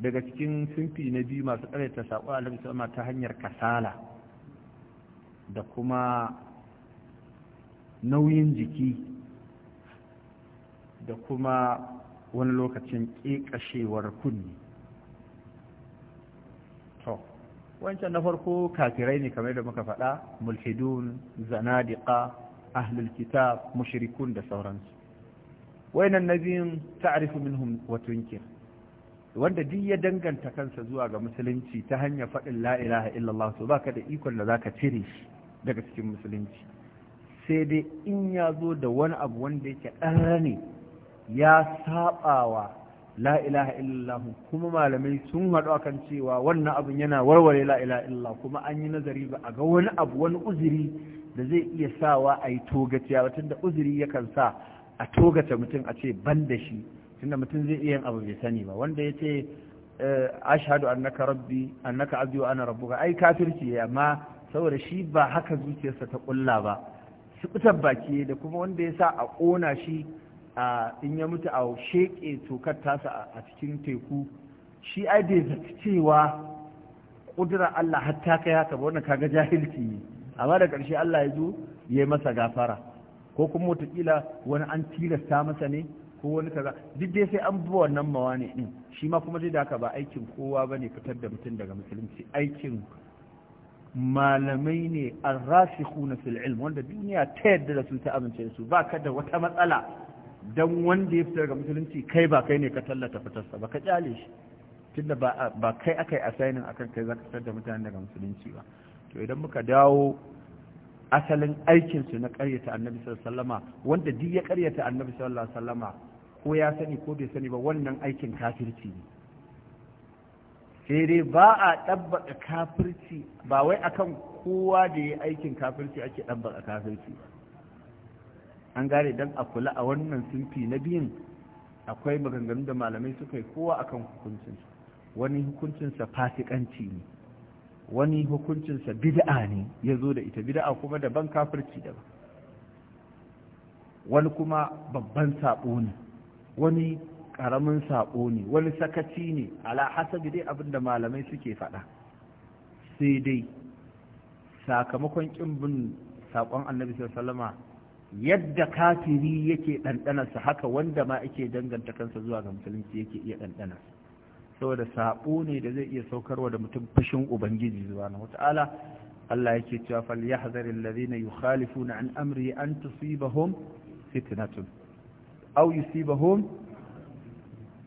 daga cikin simfi na biyu masu karyata saƙo alaihi sama ta hanyar kasala da kuma nauyin jiki da kuma wani lokacin ƙiƙashewar kunni to wancan na farko kafirai ne kamar da muka faɗa mulhidun zanadiƙa ahlul kitab mushrikun da sauransu wainan nabiyin ta'rifu minhum wa tunkir wanda duk ya danganta kansa zuwa ga musulunci ta hanyar faɗin la ilaha illallah to baka da ikon da zaka cire shi daga cikin musulunci sai dai in ya zo da wani abu wanda yake ɗara ne ya saɓawa la ilaha illallah kuma malamai sun haɗu akan cewa wannan abin yana warware la ilaha illallah kuma an yi nazari ba a ga wani abu wani uzuri da zai iya sawa a yi togaciya tunda uzuri yakan sa a togata mutum a ce ban da shi tunda mutum zai iya yin abu bai sani ba wanda ya ce eh, ashadu annaka rabbi annaka abdi wa ana rabbuka ai kafirci amma saboda shi ba haka zuciyarsa ta kulla ba sukutar baki da kuma wanda ya sa a ƙona shi a in ya mutu a sheƙe tokar tasa a cikin teku shi ai bai zata cewa kudura Allah har ta kai haka ba wannan kaga jahilci ne amma da ƙarshe Allah ya zo ya yi masa gafara ko kuma watakila wani an tilasta masa ne ko wani kaza duk dai sai an buwa wannan mawani din shi ma kuma zai da ka ba aikin kowa bane fitar da mutum daga musulunci aikin malamai ne arrasikhuna fil ilm wanda duniya ta yadda da su ta amince da su ba ka da wata matsala dan wanda ya fitar daga musulunci kai ba kai ne ka tallata fitarsa ba ka kyale shi tunda ba kai akai assigning akan kai zaka fitar da mutane daga musulunci ba to idan muka dawo asalin aikinsu na karyata annabi sallama wanda duk ya karyata annabi sallama ko ya sani ko bai sani ba wannan aikin kafirci ne sai dai ba a ɗabbaka kafirci ba wai akan kowa da ya aikin kafirci ake ɗabbaka kafirci an gane don a kula a wannan sunfi na biyun akwai maganganu da malamai suka yi kowa akan hukuncinsa wani hukuncinsa fasikanci ne wani hukuncinsa bid'a ne ya zo da ita bid'a kuma daban kafirci daban wani kuma babban saɓo ne wani ƙaramin saɓo ne wani sakaci ne ala hasabi dai abinda malamai suke faɗa sai dai sakamakon ƙimbin bin saƙon annabi sallama yadda kafiri yake ɗanɗanarsa haka wanda ma ake danganta kansa zuwa ga musulunci yake iya ɗanɗanarsa saboda sabo ne da zai iya saukarwa da mutum fushin ubangiji na wata'ala Allah yake cewa yahzar alladhina yukhalifuna an amri an tusibahum fitnatun aw yusibahum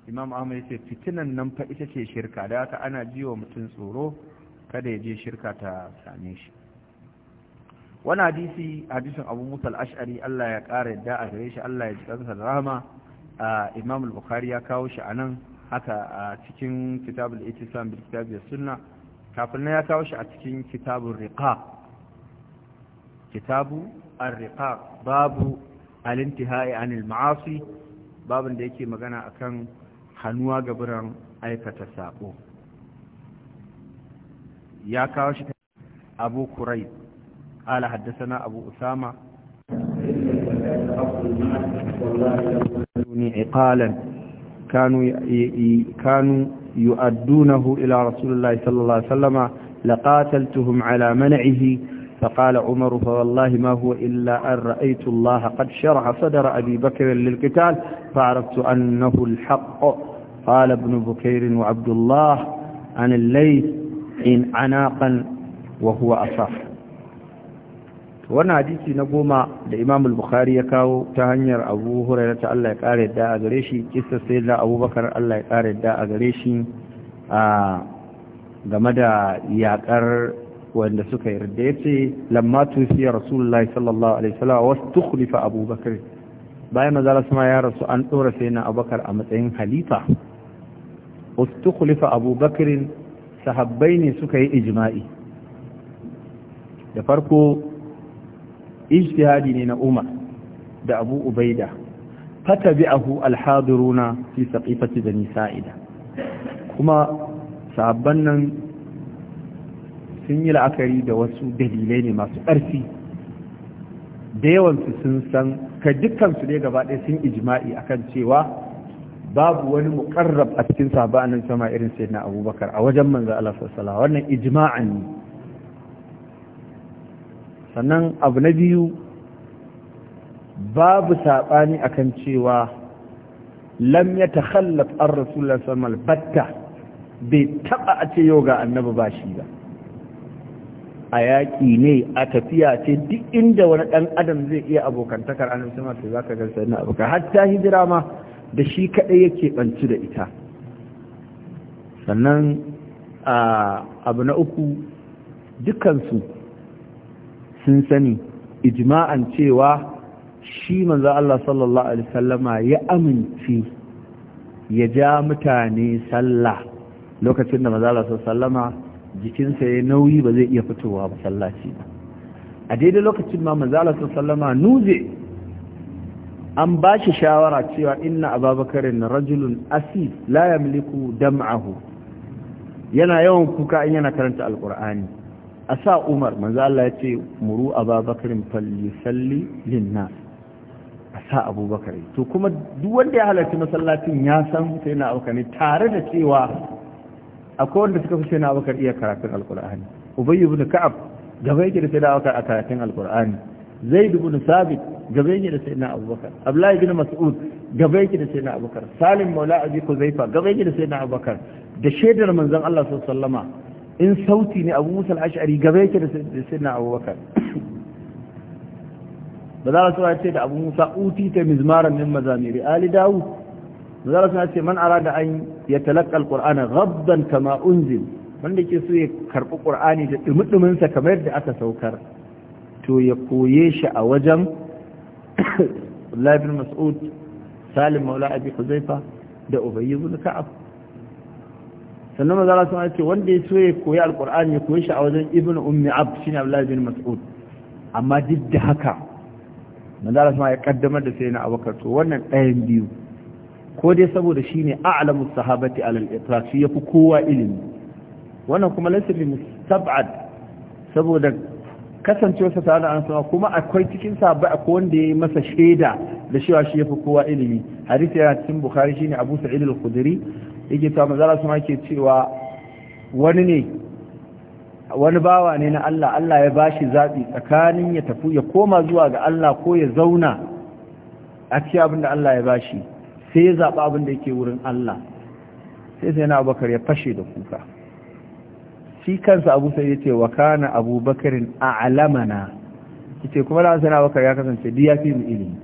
Imam Ahmad yace fitinan nan fa ita ce shirka da haka ana jiwa mutum tsoro kada ya je shirka ta same shi wani hadisi hadisin abu musa ashari Allah ya ƙara da'a a gare shi Allah ya ji ƙansar rahama. Ah, imam al-bukhari ya kawo shi a nan haka a cikin kitabul itisam bil kitab sunna kafin na ya kawo shi a cikin kitabun riqaq kitabu ar-riqaq babu al-intihai anil ma'asi babin da yake magana akan hannuwa ga biran aikata sako ya kawo shi abu kurai ala haddasana abu usama كانوا كانوا يؤدونه إلى رسول الله صلى الله عليه وسلم لقاتلتهم على منعه فقال عمر فوالله ما هو إلا أن رأيت الله قد شرع صدر أبي بكر للقتال فعرفت أنه الحق قال ابن بكير وعبد الله عن الليث إن عناقا وهو أصح wannan hadisi na goma da imam al-bukhari ya kawo ta hanyar abu huraira ta Allah ya kare da a gare shi kissa sai da abubakar Allah ya kare da a gare shi a game da yakar wanda suka yarda ya ce lamma tusiya rasulullah sallallahu alaihi wasallam wasu tukhlifa abubakar bayan mazala sama ya rasu an dora sai na abubakar a matsayin halifa wasu tukhlifa abubakar sahabbai ne suka yi ijma'i da farko ijtihadi ne na Umar da Abu Ubaida fatabi'ahu al-hadiruna fi saqifati bani sa'ida kuma sahabban nan sun yi la'akari da wasu dalilai ne masu ƙarfi da yawansu sun san ka dukkansu ne gaba ɗaya sun ijma'i akan cewa babu wani muƙarrab a cikin sabanin sama irin sayyidina abubakar a wajen manzo Allah sallallahu wannan ijma'an ne sannan abu na biyu babu saɓani a kan cewa lam ya takhallaf an rasulullah samal batta bai taɓa a ce yau ga annaba ba shi ba a yaƙi ne a tafiya ce duk inda wani ɗan adam zai iya abokantakar annabi za ka gan ga sayyidina abubakar hatta hijira ma da shi kaɗai yake ɓanci da ita sannan abu na uku dukansu sun sani ijma'an cewa shi manzo Allah sallallahu alaihi wasallama ya amince ya ja mutane sallah lokacin da manzo Allah sallallahu jikinsa ya nauyi ba zai iya fitowa ba ba a daidai lokacin ma manzo Allah sallallahu alaihi nuze an ba shi shawara cewa inna ababakarin rajulun asi la yamliku dam'ahu yana yawan kuka in yana karanta alqur'ani a sa umar manzo Allah ya ce muru ababakarin fallisalli linnas a sa abubakar to kuma duk wanda ya halarci masallacin ya san sai na abubakar ne tare da cewa akwai wanda suka fi sai na abubakar iya karatun alkur'ani ubayy ibn ka'ab gaba yake da sai na abubakar a karatun alkur'ani zaid ibn sabit gaba yake da sai na abubakar abdullahi ibn mas'ud gaba yake da sai na abubakar salim maula abi kuzaifa gaba yake da sai na abubakar da shaidar manzon Allah sallallahu alaihi wasallama in sauti ne abu musul ash'ari gaba yake da sinna abubakar ba za su ce da abu musa uti ta mizmaran min mazamiri ali dawud ba za su ce man da an ya talakal qur'ana rabban kama unzil wanda ke so ya karɓi ƙur'ani da ɗumiɗuminsa kamar yadda aka saukar to ya koye shi a wajen Abdullah bin Mas'ud Salim Maula Abi Huzaifa da Ubay ibn Ka'ab sannan maza Allah sun ce wanda ya so ya koyi alkur'ani ya koyi shi a wajen Ibn ummi shi ne abdullahi bin mas'ud amma duk da haka maza Allah sun ya kaddamar da na abubakar to wannan ɗayan biyu ko dai saboda shi ne a'lamu sahabati alal itra shi ya fi kowa ilimi wannan kuma laysa bi mustab'ad saboda sa tare da ansuwa kuma akwai cikin sabai akwai wanda ya yi masa shaida da cewa shi ya fi kowa ilimi hadisi yana cikin bukhari shine abu sa'id al-khudri yake ta manzara su ke cewa wani ne wani bawa ne na Allah Allah ya bashi zaɓi tsakanin ya tafi ya koma zuwa ga Allah ko ya zauna a ci abin da Allah ya bashi sai ya zaɓa abin da yake wurin Allah sai sai na abubakar ya fashe da kuka shi kansa abu sai ya ce wa kana abubakarin a alamana ce kuma da sai na abubakar ya kasance diya fi mu ilimi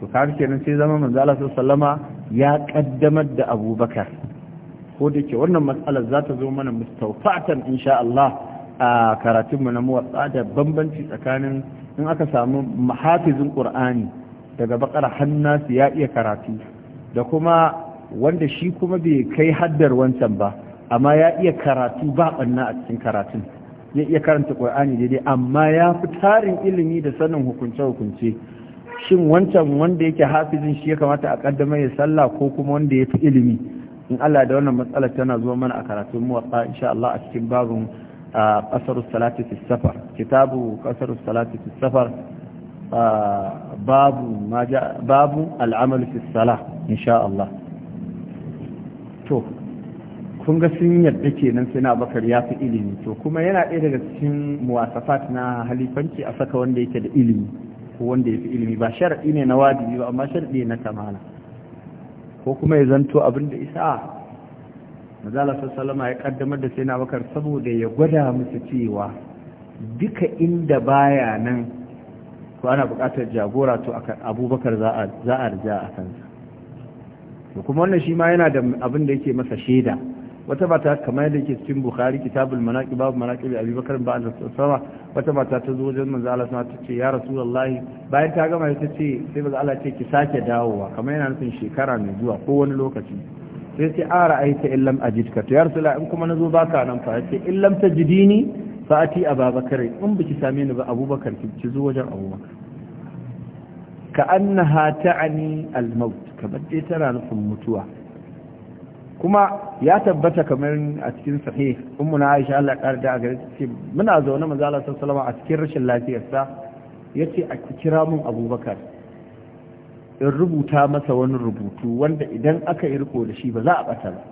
to kaga kenan sai zama manzo Allah sallama ya kaddamar da abubakar ko da ke wannan matsalar za ta zo mana mustaufatan insha Allah a karatunmu na muwatsa da bambanci tsakanin in aka samu mahafizin ƙur'ani daga bakar su ya iya karatu da kuma wanda shi kuma bai kai haddar wancan ba amma ya iya karatu ba ɓanna a cikin karatun ya iya karanta ƙur'ani daidai amma ya fi tarin ilimi da sanin hukunce-hukunce shin wancan wanda yake hafizin shi ya kamata a kaddamar ya sallah ko kuma wanda ya fi ilimi in Allah da wannan matsalar tana zuwa mana a karatun muwatsa insha Allah a cikin babin kasar salati fi safar kitabu kasar salati fi safar babu babu al'amal fi salah insha Allah to kun ga sun yadda kenan sai na bakar ya fi ilimi to kuma yana ɗaya daga cikin muwasafat na halifanci a saka wanda yake da ilimi ko wanda ya fi ilimi ba shar'i ne na wajibi ba amma shar'i na kamala ko kuma ya zanto abin da isa mazala sallama ya kaddamar da sai na bakar saboda ya gwada musu cewa duka inda baya nan ko ana buƙatar jagora to abubakar za a rija a kansa kuma wannan shi ma yana da abin da yake masa shaida wata mata kamar yadda yake cikin bukhari kitabul manaqib babu manaqib abi bakar ba da sama wata mata ta zo wajen manzo Allah sama ta ce ya rasulullahi bayan ta gama ya ce sai manzo Allah ce ki sake dawowa kamar yana nufin shekara mai zuwa ko wani lokaci sai ce a ra'aita in lam ajidka to ya rasulullahi in kuma nazo baka nan fa ce in lam tajidini fa ati ababakar in biki same ni ba abubakar ki zo wajen abubakar ka annaha ta'ani al-maut kamar dai tana nufin mutuwa kuma ya tabbata kamar a cikin sahih ummu na Aisha Allah ƙara da gare ta ce muna zaune manzo Allah sallallahu a cikin rashin lafiyarsa yace a kira mun Abubakar in rubuta masa wani rubutu wanda idan aka yi riko da shi ba za a bata ba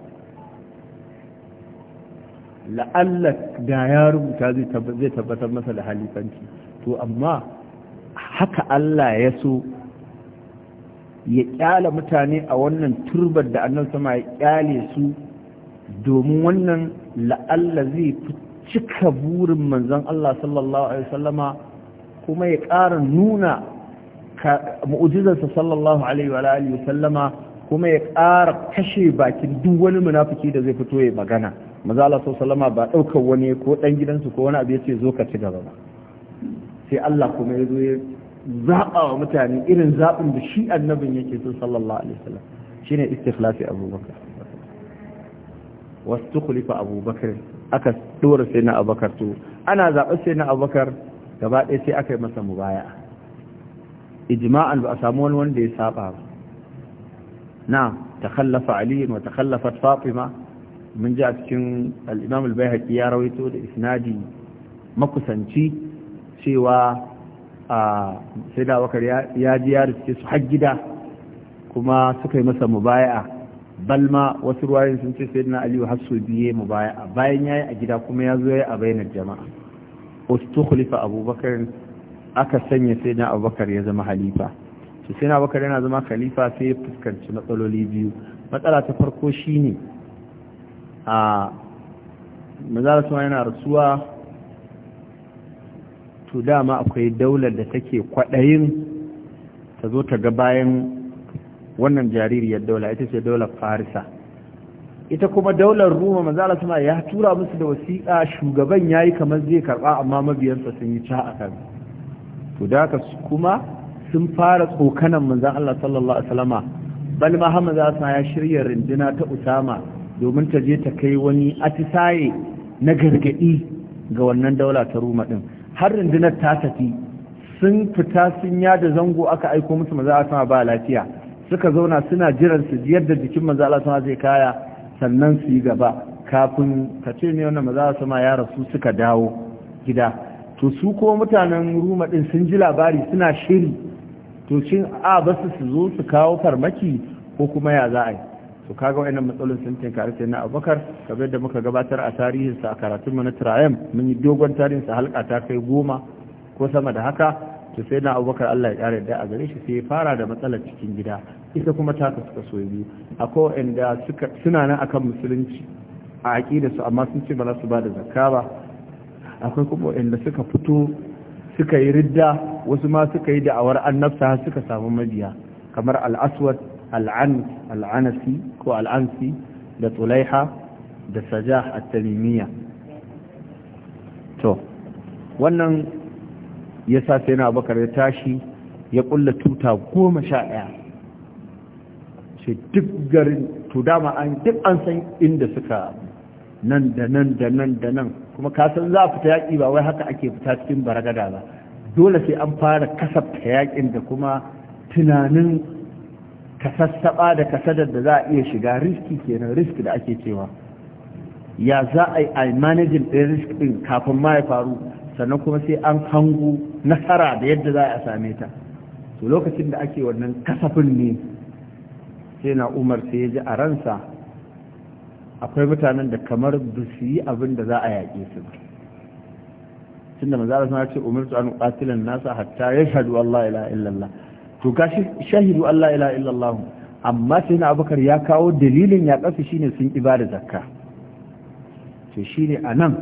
la'alla da ya rubuta zai tabbatar masa da halifanci to amma haka Allah ya so ya kyala mutane a wannan turbar da annan sama ya kyale su domin wannan la'alla zai fi cika burin manzon Allah sallallahu alaihi wasallama kuma ya ƙara nuna mu'ujizarsa sallallahu alaihi wasallama kuma ya ƙara kashe bakin duk wani munafiki da zai fito ya magana maza Allah sallama ba ɗaukar wani ko ɗan gidansu ko wani abu ya ce zo ka ci gaba ba sai Allah kuma ya zo ya zaɓa wa mutane irin zaɓin da shi annabin yake so sallallahu alaihi wasallam shine istikhlafi abubakar wasu tukulifa abubakar aka dora sai na abubakar to ana zaɓar sai na abubakar gaba ɗaya sai aka yi masa mubaya ijma'an ba a samu wani wanda ya saba ba na takhallafa ali wa takhallafat fatima mun ji a cikin al-imam al ya rawaito da isnadi makusanci cewa a sai da wakar ya ji ya riske su har gida kuma suka yi masa mubaya'a balma wasu ruwayoyin sun ce sai aliyu har su biye mubaya'a bayan ya yi a gida kuma ya zo ya a bayanar jama'a khalifa abubakar aka sanya sai na abubakar ya zama halifa su sai na abubakar yana zama khalifa sai ya fuskanci matsaloli biyu matsala ta farko shi shine a mazara yana rasuwa to dama akwai daular da take kwaɗayin ta zo ta ga bayan wannan jaririyar daula ita ce daular farisa ita kuma daular ruma manzala suna ya tura musu da wasiƙa shugaban ya yi kamar zai karɓa amma mabiyansa sun yi ca a kan to da haka kuma sun fara tsokanan manzan Allah sallallahu alaihi wasallama bal ma hamza ya shirya rinduna ta usama domin ta je ta kai wani atisaye na gargaɗi ga wannan daula ta ruma ɗin har rundunar ta tafi sun fita sun yada zango aka aiko musu maza a sama ba lafiya suka zauna suna jiran su yadda jikin maza a sama zai kaya sannan su yi gaba kafin ka ce ne wannan maza a sama ya rasu suka dawo gida to su ko mutanen Ruma din sun ji labari suna shiri to shin a basu su zo su kawo farmaki ko kuma ya za a yi to kaga wayannan matsalolin sun tinkari sai na abubakar kamar da muka gabatar a tarihinsa a karatun na tirayim mun yi dogon tarihinsa halka ta kai goma ko sama da haka to sai na abubakar allah ya kare da a gare shi sai ya fara da matsalar cikin gida ita kuma ta suka so biyu akwai wayanda suna nan akan musulunci a aƙida su amma sun ce ba za su ba da zakka ba akwai kuma wayanda suka fito suka yi ridda wasu ma suka yi da'awar annabta suka samu mabiya kamar al-aswad al'anasi ko al'ansi da Tsulaiha da sajah at-tamimiyya to wannan ya sa sai ya tashi ya kulla tuta goma sha ɗaya to an san inda suka nan da nan da nan da nan kuma kasan za a fita yaƙi ba wai haka ake fita cikin baragada ba dole sai an fara kasafta yaƙin da kuma tunanin sassaɓa da kasadar da za a iya shiga riski kenan risk da ake cewa ya za a yi a managing ɗin risk ɗin kafin ma ya faru sannan kuma sai an hangu nasara da yadda za a same ta to lokacin da ake wannan kasafin ne sai na umar sai ya ji a ransa akwai mutanen da kamar ba su yi abin da za a yaƙe su ba tunda da Allah ya ce umirtu an katilan nasa hatta ya shaɗu "Allah ilaha to gashi shahidu Allah ila illallah amma sai na abubakar ya kawo dalilin ya kafi shine sun ibada zakka to shine anan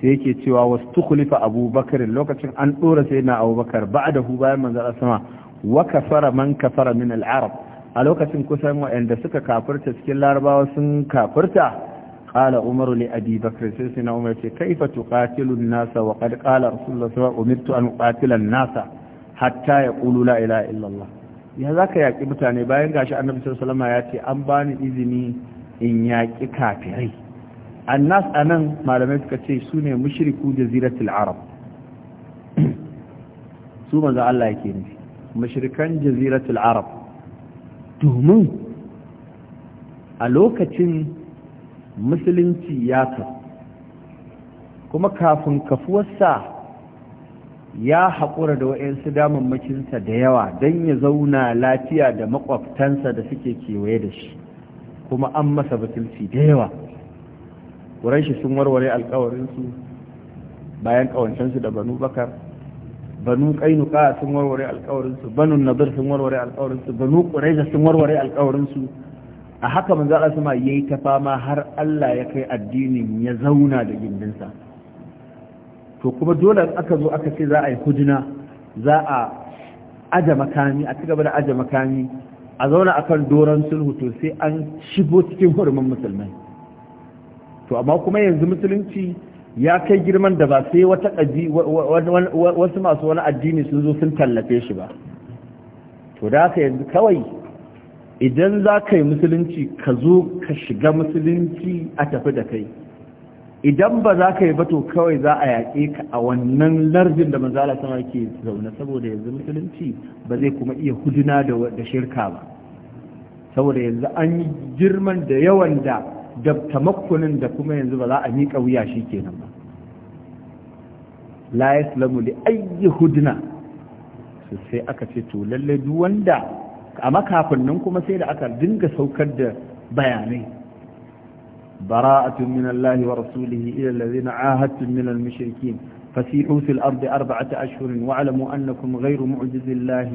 sai yake cewa wastukhlifa abubakar lokacin an dora sai na abubakar hu bayan manzo sama wa kafara man kafara min al-arab a lokacin kusan waɗanda suka kafirta cikin larabawa sun kafirta qala umaru li abi bakr sai sai na umar ce kaifa tuqatilu an-nasa wa qad qala rasulullah sallallahu alaihi wasallam umirtu an uqatila an-nasa hatta ya ƙulu la illallah ya za ka yaƙi mutane bayan gashi annabi sallama ya ce an bani izini in yaƙi kafirai a anan malamai suka ce su ne mushriku jaziratul arab [clears throat] su manzo Allah yake nufi mushrikan jaziratul arab domin a lokacin musulunci ya kuma kafin kafuwarsa ya haƙura da wa'yansu damammakinsa da yawa don ya zauna lafiya da makwabtansa da suke kewaye da shi kuma an masa batulci da yawa shi sun warware alkawarinsu bayan ƙawancensu da banu bakar banu ƙainuka sun warware alkawarinsu banu nadir sun warware alkawarinsu banu ƙuraiza sun warware alkawarinsu a haka manzo Allah sama yayi ta fama har Allah ya kai addinin ya zauna da gindinsa to kuma dole aka zo aka ce za a yi hujina za a aje makami a cigaba da aje makami a zauna akan doron sulhu to sai an shigo cikin hurumin musulmai to amma kuma yanzu musulunci ya kai girman da ba sai wata wasu masu wani addini sun zo sun tallafe shi ba to da haka yanzu kawai idan za ka yi musulunci ka zo ka shiga musulunci a tafi da kai idan ba za ka yi bato kawai za a yaƙe ka a wannan lardin da manzala sama ke zaune saboda yanzu musulunci ba zai kuma iya huduna da shirka ba saboda yanzu an yi girman da yawan da da tamakkunin da kuma yanzu ba za a miƙa wuya shi kenan ba la yaslamu li ayyi huduna sai aka ce to lalle duk wanda amma kafin nan kuma sai da aka dinga saukar da bayanai براءة من الله ورسوله إلى الذين عاهدتم من المشركين فسيحوا في الأرض أربعة أشهر واعلموا أنكم غير معجز الله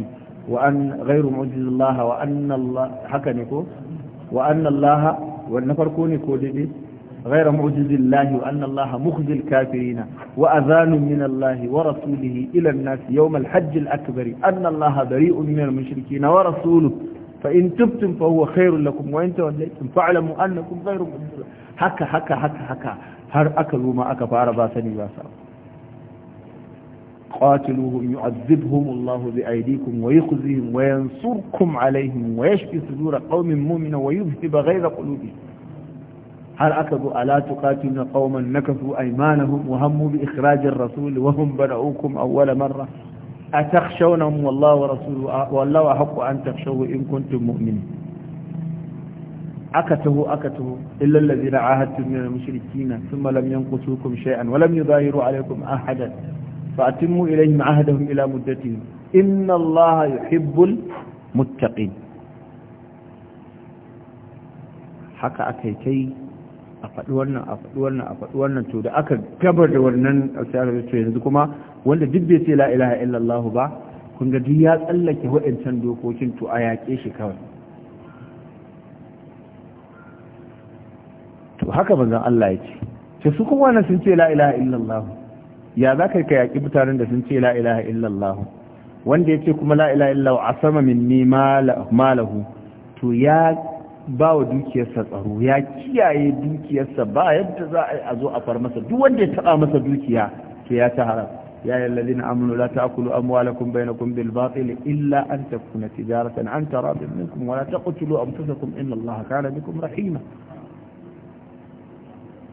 وأن غير معجز الله وأن الله حكنكو وأن الله والنفركوني كودي غير معجز الله وأن الله مخزي الكافرين وأذان من الله ورسوله إلى الناس يوم الحج الأكبر أن الله بريء من المشركين ورسوله فإن تبتم فهو خير لكم وإن توليتم فاعلموا أنكم غير مؤمنون هكا هكا هكا هكا هر أكلوا ما أكا فاربا سني باسا قاتلوهم يعذبهم الله بأيديكم ويخزيهم وينصركم عليهم ويشفي صدور قوم مؤمن ويذهب غير قلوبهم هل أكبوا ألا تقاتلون قوما نكثوا أيمانهم وهموا بإخراج الرسول وهم بدأوكم أول مرة أتخشونهم والله ورسوله والله أحق أن تخشوه إن كنتم مؤمنين أكته أكته إلا الذين عاهدتم من المشركين ثم لم ينقصوكم شيئا ولم يظاهروا عليكم أحدا فأتموا إليهم عهدهم إلى مدتهم إن الله يحب المتقين حكى أكيكي a faɗi wannan a faɗi wannan a faɗi wannan to da aka gabar da wannan sai to yanzu kuma wanda duk bai ce la ilaha illallah ba kun ga duk ya tsallake wa'ancan dokokin to a yaƙe shi kawai to haka manzon Allah ya ce su kuma wannan sun ce la ilaha illallah ya za ka ka yaƙi mutanen da sun ce la ilaha illallah wanda ya ce kuma la ilaha illallah a sama min ni malahu to ya ba wa dukiyarsa tsaro ya kiyaye dukiyarsa ba yadda za a zo a far masa duk wanda ya taba masa dukiya to ya ta haram ya yi lalazin amunu la ta akulu amwalakum bainakum bil batil illa an ta takuna tijaratan an taradin minkum ta taqtulu anfusakum inna allaha kana bikum rahima wa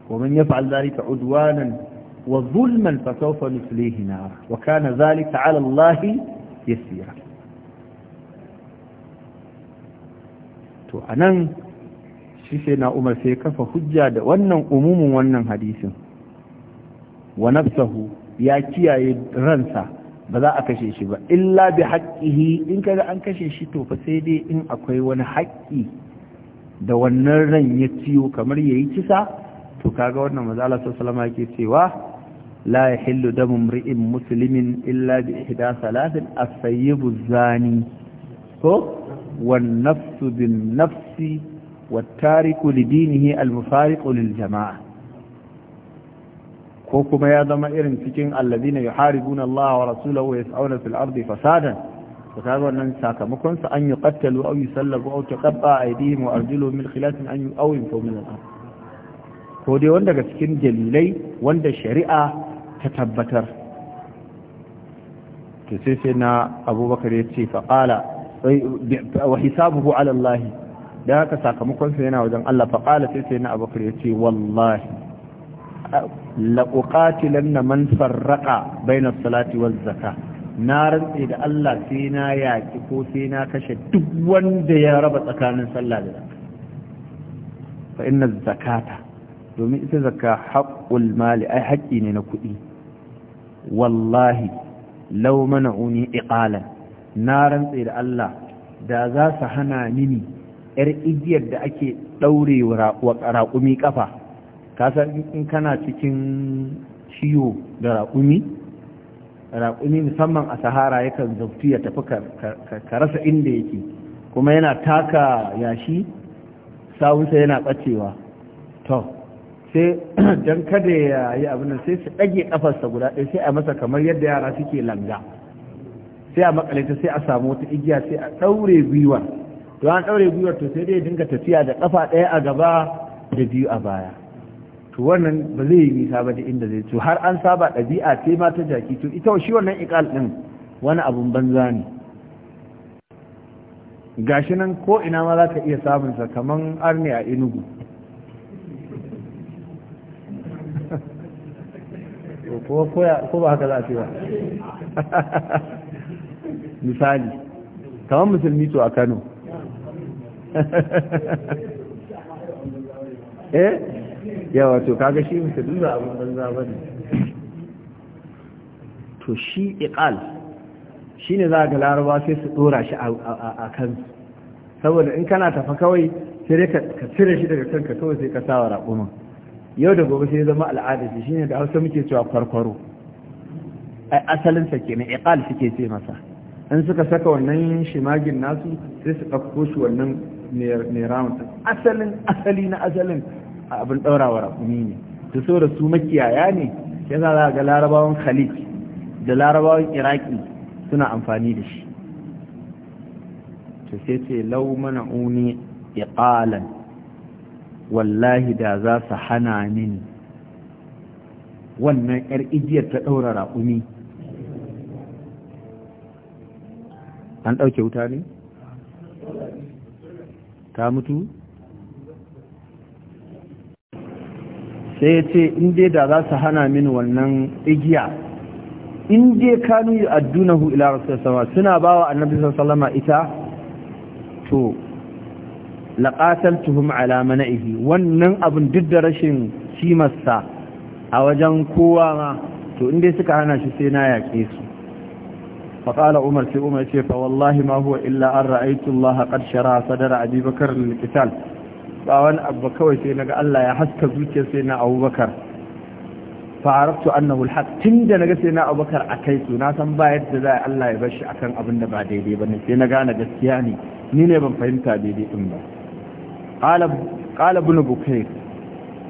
ومن يفعل ذلك عدوانا وظلما فسوف نسليه نارا وكان ذلك على الله يسيرا to a nan shi sai na umar sai kafa hujja da wannan umumin wannan hadisin wa nafsahu ya kiyaye ransa ba za a kashe shi ba illa bi haƙƙihi in kaga an kashe shi to fa sai dai in akwai wani haƙƙi da wannan ran ya ciyo kamar yayi kisa to kaga wannan manzo Allah sallallahu alaihi yake cewa la yahillu damu mri'in muslimin illa bi ihda salatin as-sayyibu zani ko والنفس بالنفس والتارك لدينه المفارق للجماعة كوكما يا ذما إرن سكين الذين يحاربون الله ورسوله ويسعون في الأرض فسادا فكذا ننساك مكن أن يقتلوا أو يسلبوا أو تقطع أيديهم وأرجلهم من خلاف أن أو ينفوا من الأرض كودي وندك سكين جليلي وند الشريعة تتبتر تسيسنا أبو بكر يتسي فقال wa hisabuhu ala Allah da haka sakamakon sa yana wajen Allah fa qala sai sai na abakar yace wallahi la uqatilanna man farraqa bayna salati wal zakah na rantse da Allah sai na yaki ko sai na kashe duk wanda ya raba tsakanin sallah da zakka fa inna zakata domin ita zakka haqqul mali ai haƙƙi ne na kuɗi wallahi law mana'uni iqalan na rantse da Allah da za su hana mini yar igiyar da ake ɗaure wa raƙumi ƙafa kasar in kana cikin ciwo da raƙumi raƙumi musamman a sahara yakan zautu ya tafi ka rasa inda yake kuma yana taka yashi sawunsa yana ɓacewa to sai [clears throat] don kada ya yi abin sai su ɗage ƙafarsa guda ɗaya sai a masa kamar yadda yara suke langa sai a ta sai a samu wata igiya sai a ɗaure gwiwar to an ɗaure gwiwar to sai dai dinga tafiya da kafa daya a gaba da biyu a baya to wannan ba zai yi nisa ba da inda zai to har an saba ɗabi'a sai ma ta jaki to ita shi wannan iqal ɗin wani abun banza ne gashi nan ko ina ma za ka iya samun sa kaman arne a inugu [laughs] ko ba haka za a ce ba [laughs] misali kamar musulmi to a kano [laughs] eh yawa to kaga shi musulmi ba abin banza ba ne to shi iqal shi ne za ga laraba sai su dora shi a kan, saboda in kana tafa kawai sai dai ka cire shi daga kanka kawai sai ka sawa kuma. yau da gobe sai zama al'ada shi ne da hausa muke cewa kwarkwaro ai asalinsa kenan iqal suke ce masa an suka saka wannan shimagin nasu sai su ɗauko shi wannan mai ramun asalin asali na asalin abin ɗaurawa rakumi ne ta so da su makiyaya ne ya za a ga larabawan khalid da larabawan iraki suna amfani da shi ta sai ce lau mana uni iqalan wallahi da za su hana ni wannan yar igiyar ta ɗaura raƙumi an ɗauke wuta ne ta mutu sai ya ce inda da za su hana min wannan igiya inda kanu yi hu ila rasu sama suna ba wa annabi sallama ita to alama na mana'ihi wannan abin duk da rashin cimarsa a wajen kowa ma to inda suka hana shi sai na yaƙe su فقال عمر في عمر شيء فوالله ما هو إلا أن رأيت الله قد شرع صدر أبي بكر للقتال فأوان أبو كوي سينا الله يحسك زوجي سينا أبو بكر فعرفت أنه الحق تند نجا سينا أبو بكر أكيت ناسا بايد ذا الله يبشي أكن أبن بعدي دي بني سينا قانا جسياني نيني بن فهمتا دي دي أمبا قال قال ابن بكير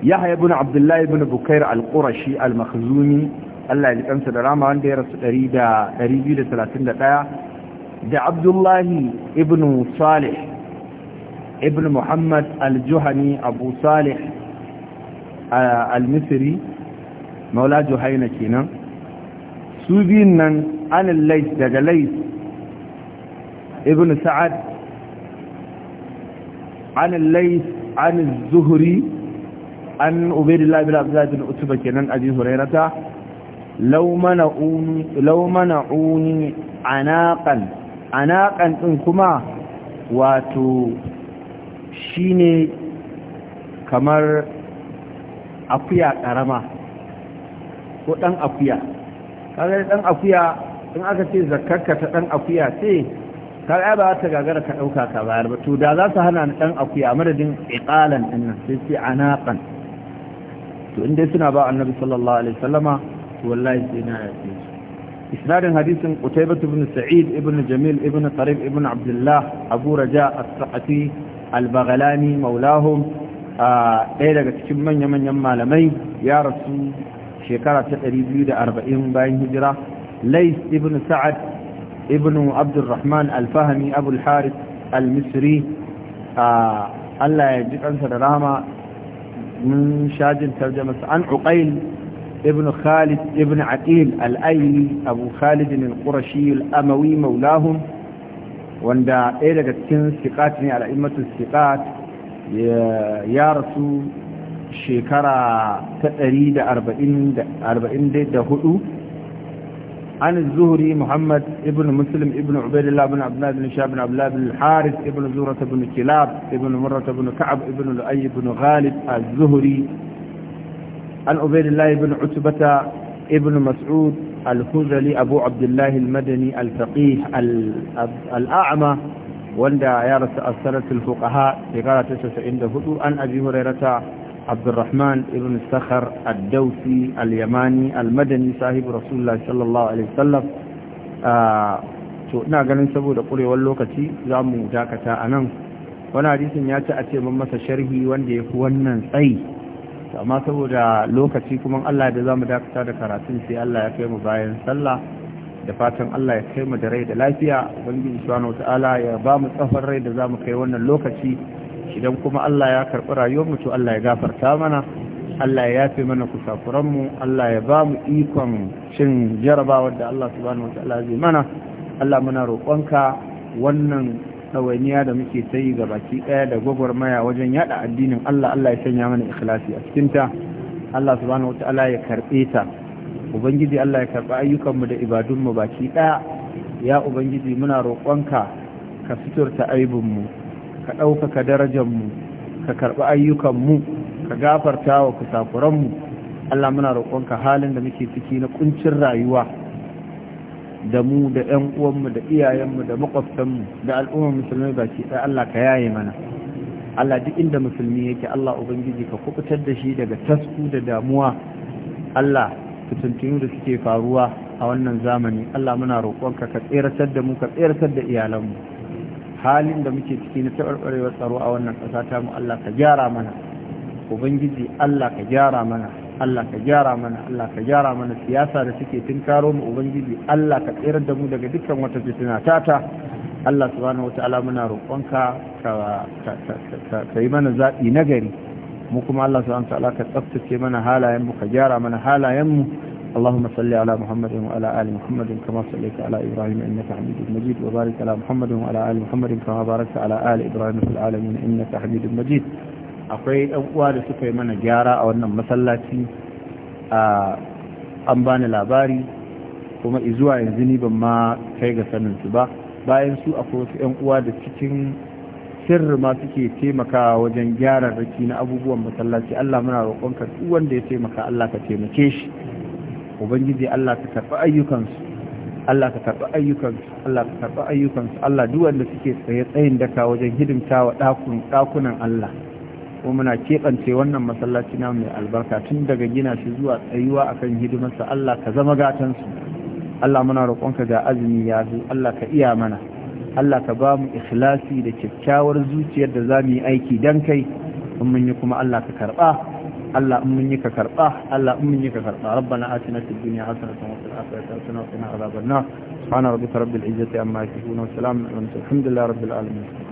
يحيى ابن عبد الله ابن بكير القرشي المخزوني Allah ya kansa da rama wanda ya rasu 231 da Abdullahi ibn Salih ibn Muhammad al-Juhani Abu Salih al-Misri Maula Juhaina kenan su biyun nan an Lais daga Lais ibn Sa'ad an Lais an Zuhri an Ubaydullah bin Abdullah bin Utba kenan Abi Hurairah lau mana'uni anaƙan anaƙan ɗin kuma wato shi ne kamar akuya ƙarama ko ɗan akuya ɗan akuya in aka ce zakarka ta ɗan akuya sai kar ba ta gagara ka ɗauka ka bayar ba to da za su hana ɗan akuya madadin iƙalan ɗin nan sai ce anaƙan to inda suna ba annabi sallallahu alaihi wallahi sai na yafe su isnadin hadisin qutaybah ibn sa'id ibn jamil ibn tariq ibn abdullah abu raja as-sa'ati al-baghlani maulahum ɗaya daga cikin manya-manyan malamai ya rasu shekara ta 240 bayan hijira lais ibn sa'ad ibn abdurrahman al-fahmi abu al-harith al-misri Allah ya ji kansa da rahama من شاجن ترجمة عن ابن خالد ابن عقيل الأيلي أبو خالد القرشي الأموي مولاهم wanda ɗaya daga cikin siƙat ne al'immatu siƙat ya rasu shekara ta ɗari da da hudu an zuhuri muhammad ibn muslim ibn ubaidullah ibn abdullahi ibn shah ibn abdullahi ibn haris ibn ibn kilab ibn murrat ibn ibn lu'ay ibn ghalib az-zuhri عن عبيد الله بن عتبة ابن مسعود الخزلي أبو عبد الله المدني الفقيه الأعمى وندى يارس أسرة الفقهاء لقالة تسعين دهدو عن أبي هريرة عبد الرحمن ابن السخر الدوسي اليماني المدني صاحب رسول الله صلى الله عليه وسلم to ina ganin saboda kurewar lokaci za mu dakata a nan wani hadisin ya ci a ce mun masa sharhi wanda ya fi wannan tsayi amma saboda lokaci kuma Allah da zamu dakata da karatun sai Allah ya kai mu bayan sallah da fatan Allah ya kai mu da rai da lafiya ubangiji subhanahu wataala ya ba mu tsafar rai da zamu kai wannan lokaci idan kuma Allah ya karɓi rayuwar mu to Allah ya gafarta mana Allah ya yafe mana kusafuran mu Allah ya ba mu ikon cin jarabawar da Allah subhanahu wataala zai mana Allah muna roƙonka wannan ɗawainiya da muke ta yi baki ɗaya da gwagwarmaya wajen yada addinin Allah Allah ya sanya mana ikhlasi a cikinta Allah subhanahu wata'ala ya karɓe ta ubangiji Allah ya karɓi ayyukanmu da ibadunmu baki ɗaya ya ubangiji muna roƙonka ka fiturta aibinmu ka ɗaukaka darajarmu ka karɓi ayyukanmu ka gafarta wa kusakuranmu Allah muna roƙonka halin da muke ciki na ƙuncin rayuwa da mu da ƴan uwanmu da iyayenmu da makwabtanmu da al'ummar ba baki sai Allah ka yaye mana Allah duk inda musulmi yake Allah ubangiji ka kubutar da shi daga tasku da damuwa Allah fitintunu da suke faruwa a wannan zamani Allah muna roƙonka ka tseratar da mu ka tseratar da iyalanmu halin da muke ciki na taɓarɓarewar tsaro a wannan ƙasa ta mu Allah ka gyara mana ubangiji Allah ka gyara mana Allah ka gyara mana Allah ka gyara mana siyasa da suke karo mu ubangiji Allah ka tsere da mu daga dukkan wata fitina tata Allah subhanahu wata'ala muna roƙonka ka yi mana zaɓi na gari mu kuma Allah subhanahu wata'ala ka tsaftace mana halayen mu ka gyara mana halayen mu اللهم صل على محمد وعلى آل محمد كما صليت على إبراهيم إنك حميد مجيد وبارك على محمد وعلى آل محمد كما باركت على آل إبراهيم في العالمين إنك حميد مجيد akwai ɗan uwa da suka yi mana gyara a wannan masallaci a an bani labari kuma izuwa yanzu ni ban ma kai ga saninsu ba bayan su akwai wasu yanuwa uwa da cikin sirri ma suke taimakawa wajen gyara raki na abubuwan masallaci Allah muna roƙonka duk wanda ya taimaka Allah ka taimake shi ubangiji Allah ka karɓi ayyukansu Allah ka karɓi ayyukansu Allah ka karɓi ayyukansu Allah duk wanda suke tsaye tsayin daka wajen hidimta wa ɗakunan Allah ko muna keɓance wannan masallaci na mai albarka tun daga gina shi zuwa tsayuwa akan hidimarsa Allah ka zama gatansu Allah muna ka ga azumi ya zo Allah ka iya mana Allah ka ba mu ikhlasi da kyakkyawar zuciyar da za mu yi aiki dan kai in mun yi kuma Allah ka karɓa الله أمني كفرقه الله أمني كفرقه ربنا آتنا في الدنيا حسنة وفي الآخرة حسنة وقنا عذاب النار سبحان ربك رب العزة عما يصفون وسلام الحمد لله رب العالمين